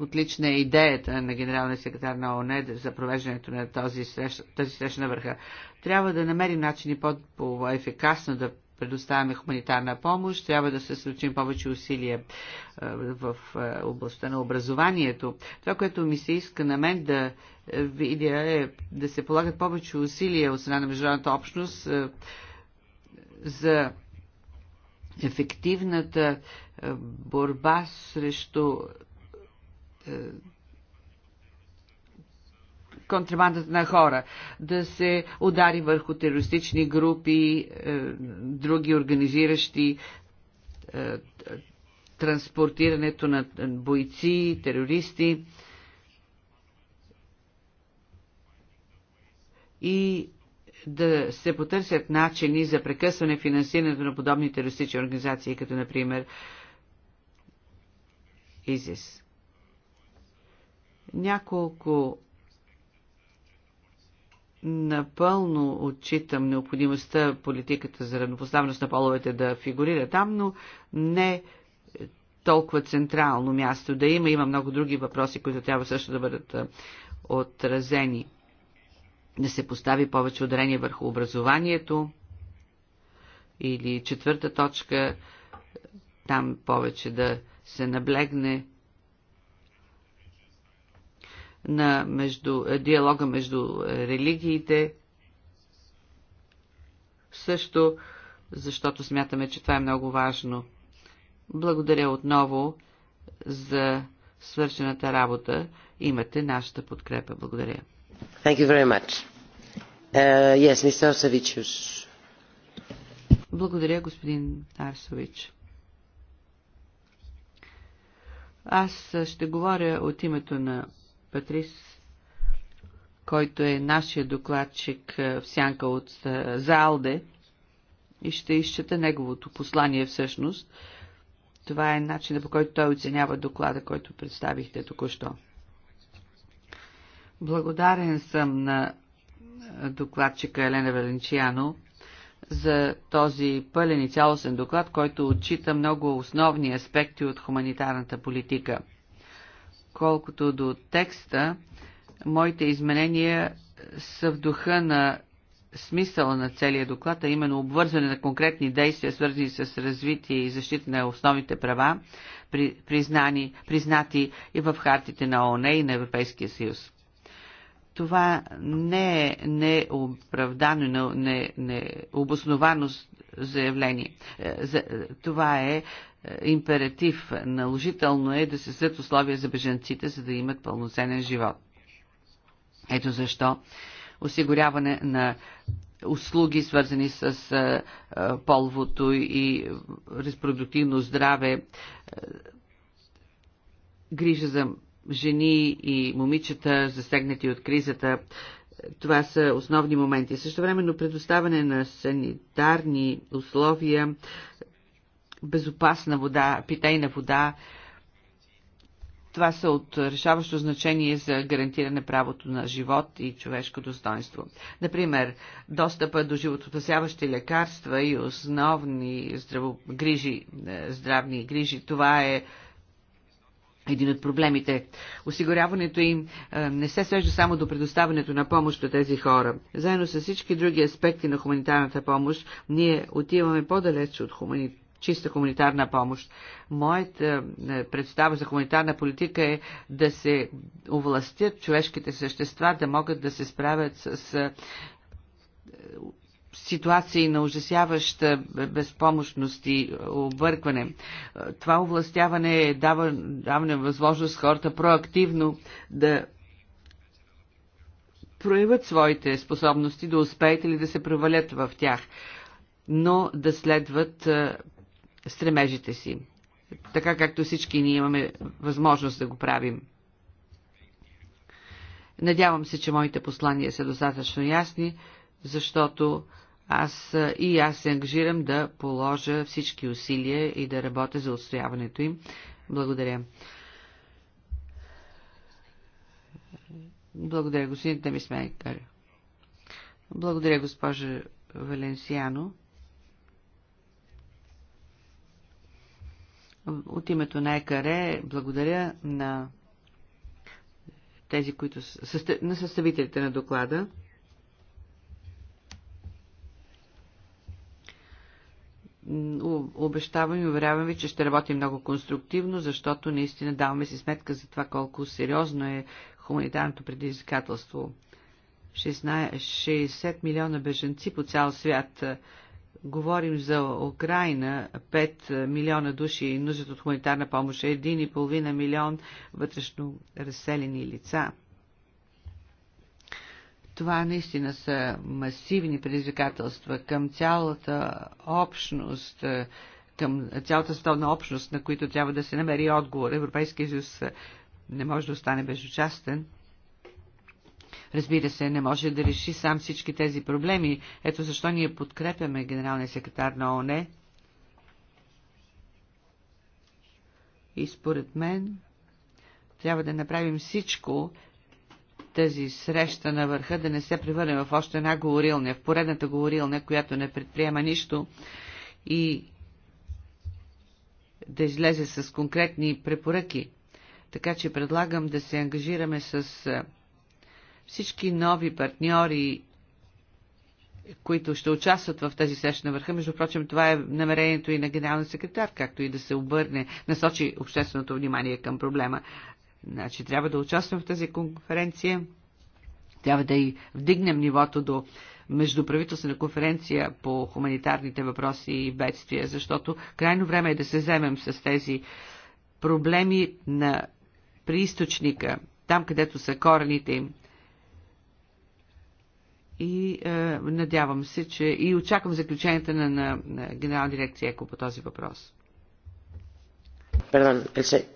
S3: отлична е идеята на генералния секретар на ООН за провеждането на този срещ, тази среща на върха. Трябва да намерим начини по-ефикасно да предоставяме хуманитарна помощ, трябва да се случим повече усилия е, в е, областта на образованието. Това, което ми се иска на мен да е, видя е да се полагат повече усилия от страна на международната общност за ефективната е, борба срещу е, контрабандата на хора, да се удари върху терористични групи, е, други организиращи транспортирането на бойци, терористи. И да се потърсят начини за прекъсване финансирането на подобни терористични организации, като например ИЗИС. Няколко напълно отчитам необходимостта политиката за равнопоставност на половете да фигурира там, но не толкова централно място да има. Има много други въпроси, които трябва също да бъдат отразени да се постави повече ударение върху образованието. Или четвърта точка, там повече да се наблегне на между, диалога между е, религиите. Също, защото смятаме, че това е много важно. Благодаря отново за свършената работа. Имате нашата подкрепа. Благодаря.
S1: Uh,
S3: Благодаря, господин Арсович. Аз ще говоря от името на Патрис, който е нашия докладчик в сянка от Залде, и ще изчета неговото послание всъщност. Това е начинът по който той оценява доклада, който представихте току-що. Благодарен съм на докладчика Елена Валенчиано за този пълен и цялостен доклад, който отчита много основни аспекти от хуманитарната политика. Колкото до текста, моите изменения са в духа на смисъла на целия доклад, а именно обвързване на конкретни действия, свързани с развитие и защита на основните права, признани, признати и в хартите на ООН и на Европейския съюз. Това не е неоправдано, необосновано не заявление. Е, е, това е, е императив. Наложително е да се създадат условия за беженците, за да имат пълноценен живот. Ето защо осигуряване на услуги, свързани с половото и репродуктивно здраве, грижа за жени и момичета, засегнати от кризата. Това са основни моменти. Също времено предоставяне на санитарни условия, безопасна вода, питейна вода. Това са от решаващо значение за гарантиране правото на живот и човешко достоинство. Например, достъпа до животоспасяващи лекарства и основни здраво... грижи, е, здравни грижи. Това е един от проблемите. Осигуряването им не се свежда само до предоставянето на помощ на тези хора. Заедно с всички други аспекти на хуманитарната помощ, ние отиваме по-далеч от хумани... чиста хуманитарна помощ. Моята представа за хуманитарна политика е да се овластят човешките същества, да могат да се справят с ситуации на ужасяваща безпомощност и объркване. Това овластяване дава, дава, възможност хората проактивно да проявят своите способности, да успеят или да се превалят в тях, но да следват стремежите си, така както всички ние имаме възможност да го правим. Надявам се, че моите послания са достатъчно ясни защото аз и аз се ангажирам да положа всички усилия и да работя за отстояването им. Благодаря. Благодаря, господин Тамисмейкър. Благодаря, госпожа Валенсиано. От името на ЕКАРЕ благодаря на тези, които са, на съставителите на доклада. обещавам и уверявам ви, че ще работим много конструктивно, защото наистина даваме си сметка за това колко сериозно е хуманитарното предизвикателство. 60 милиона беженци по цял свят. Говорим за Украина, 5 милиона души и нуждат от хуманитарна помощ, 1,5 милион вътрешно разселени лица. Това наистина са масивни предизвикателства към цялата общност, е, към цялата световна общност, на които трябва да се намери отговор. Европейския съюз е, не може да остане безучастен. Разбира се, не може да реши сам всички тези проблеми. Ето защо ние подкрепяме генералния секретар на ОНЕ. И според мен трябва да направим всичко, тази среща на върха да не се превърне в още една говорилня, в поредната говорилня, която не предприема нищо и да излезе с конкретни препоръки. Така че предлагам да се ангажираме с всички нови партньори, които ще участват в тази среща на върха. Между прочим, това е намерението и на генералния секретар, както и да се обърне, насочи общественото внимание към проблема. Значи трябва да участваме в тази конференция, трябва да и вдигнем нивото до междуправителствена конференция по хуманитарните въпроси и бедствия, защото крайно време е да се вземем с тези проблеми на приисточника, там където са корените им. И е, надявам се, че и очаквам заключенията на, на, на генерална дирекция ЕКО по този въпрос.
S1: Perdón, el,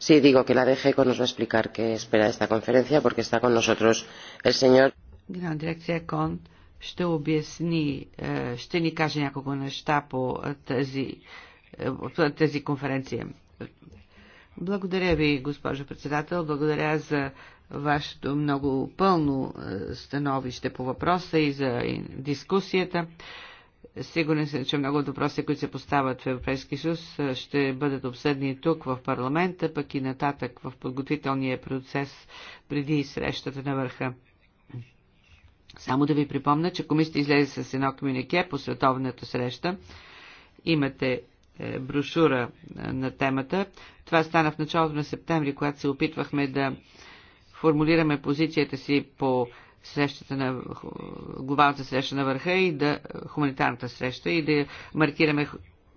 S1: sí digo que la DGECO nos va a explicar qué espera esta conferencia porque está con nosotros el señor.
S3: Генерална дирекция КОН ще обясни, е, ще ни каже няколко неща по е, тази, по е, тази конференция. Благодаря ви, госпожо председател. Благодаря за вашето много пълно становище по въпроса и за дискусията. Сигурен съм, че много от въпроси, които се поставят в Европейски съюз, ще бъдат обсъдни тук в парламента, пък и нататък в подготвителния процес преди срещата на върха. Само да ви припомня, че комисията излезе с едно комюнике по световната среща. Имате е, брошура е, на темата. Това стана в началото на септември, когато се опитвахме да формулираме позицията си по срещата на глобалната среща на върха и да хуманитарната среща и да маркираме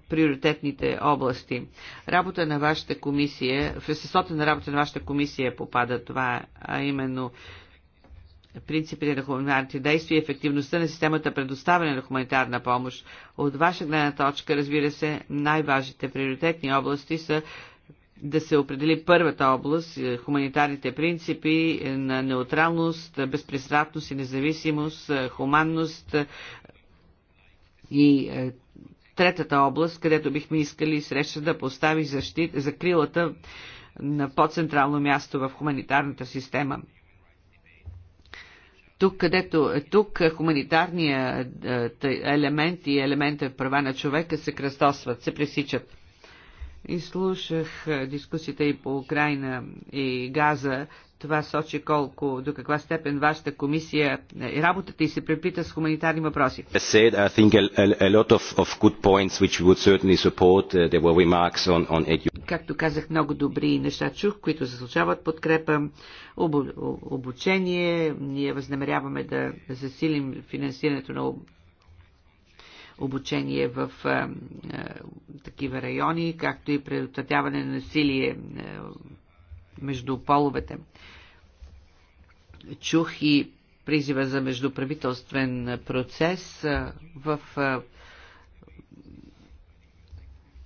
S3: приоритетните области. Работа на вашата комисия, в естеството на работа на вашата комисия попада това, а именно принципите на хуманитарните действия и ефективността на системата предоставяне на хуманитарна помощ. От ваша гледна точка, разбира се, най-важните приоритетни области са да се определи първата област, е, хуманитарните принципи е, на неутралност, е, безпристрастност и независимост, хуманност и третата област, където бихме искали среща да постави защита, закрилата на по-централно място в хуманитарната система. Тук, където, тук хуманитарният елемент и елемента в права на човека се кръстосват, се пресичат. Изслушах дискусията и по Украина и Газа. Това сочи колко, до каква степен вашата комисия е, и работата и се препита с хуманитарни въпроси. Както казах, много добри неща чух, които заслужават подкрепа. Обучение, ние възнамеряваме да засилим финансирането на обучение в а, такива райони, както и предотвратяване на насилие а, между половете. Чух и призива за междуправителствен процес а, в. А,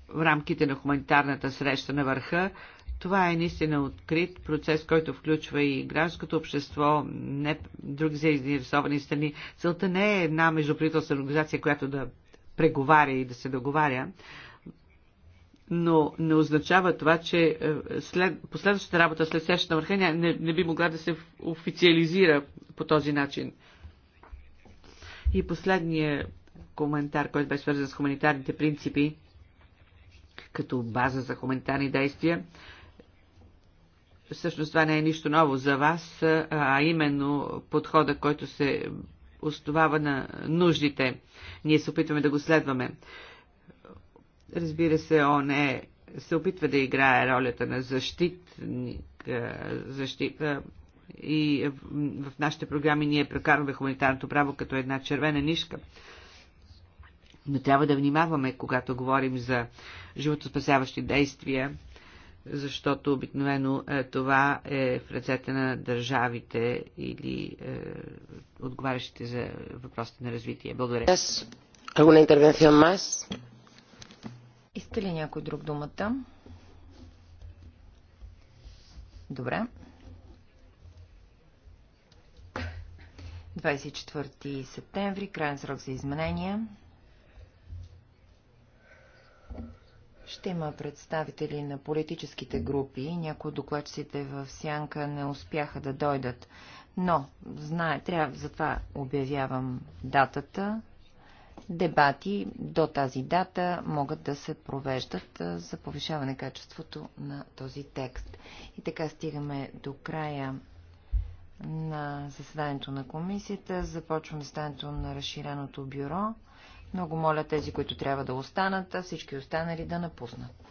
S3: в рамките на хуманитарната среща на върха това е наистина открит процес, който включва и гражданското общество, не други заинтересовани страни. Целта не е една междуправителствена организация, която да преговаря и да се договаря, но не означава това, че е, след, последващата работа след срещата на върха не, не би могла да се официализира по този начин. И последният коментар, който беше свързан с хуманитарните принципи, като база за хуманитарни действия, всъщност това не е нищо ново за вас, а именно подхода, който се основава на нуждите. Ние се опитваме да го следваме. Разбира се, он е, се опитва да играе ролята на защитник, защита и в нашите програми ние прекарваме хуманитарното право като една червена нишка. Но трябва да внимаваме, когато говорим за животоспасяващи действия, защото обикновено е, това е в ръцете на държавите или е, отговарящите за въпросите на развитие.
S1: Благодаря. алгуна интервенция мас. Иска ли някой друг думата? Добре. 24 септември, крайен срок за изменения. Ще има представители на политическите групи. Някои от докладчиците в Сянка не успяха да дойдат. Но, знае, трябва, затова обявявам датата. Дебати до тази дата могат да се провеждат за повишаване качеството на този текст. И така стигаме до края на заседанието на комисията. Започваме заседанието на разширеното бюро. Много моля тези, които трябва да останат, а всички останали да напуснат.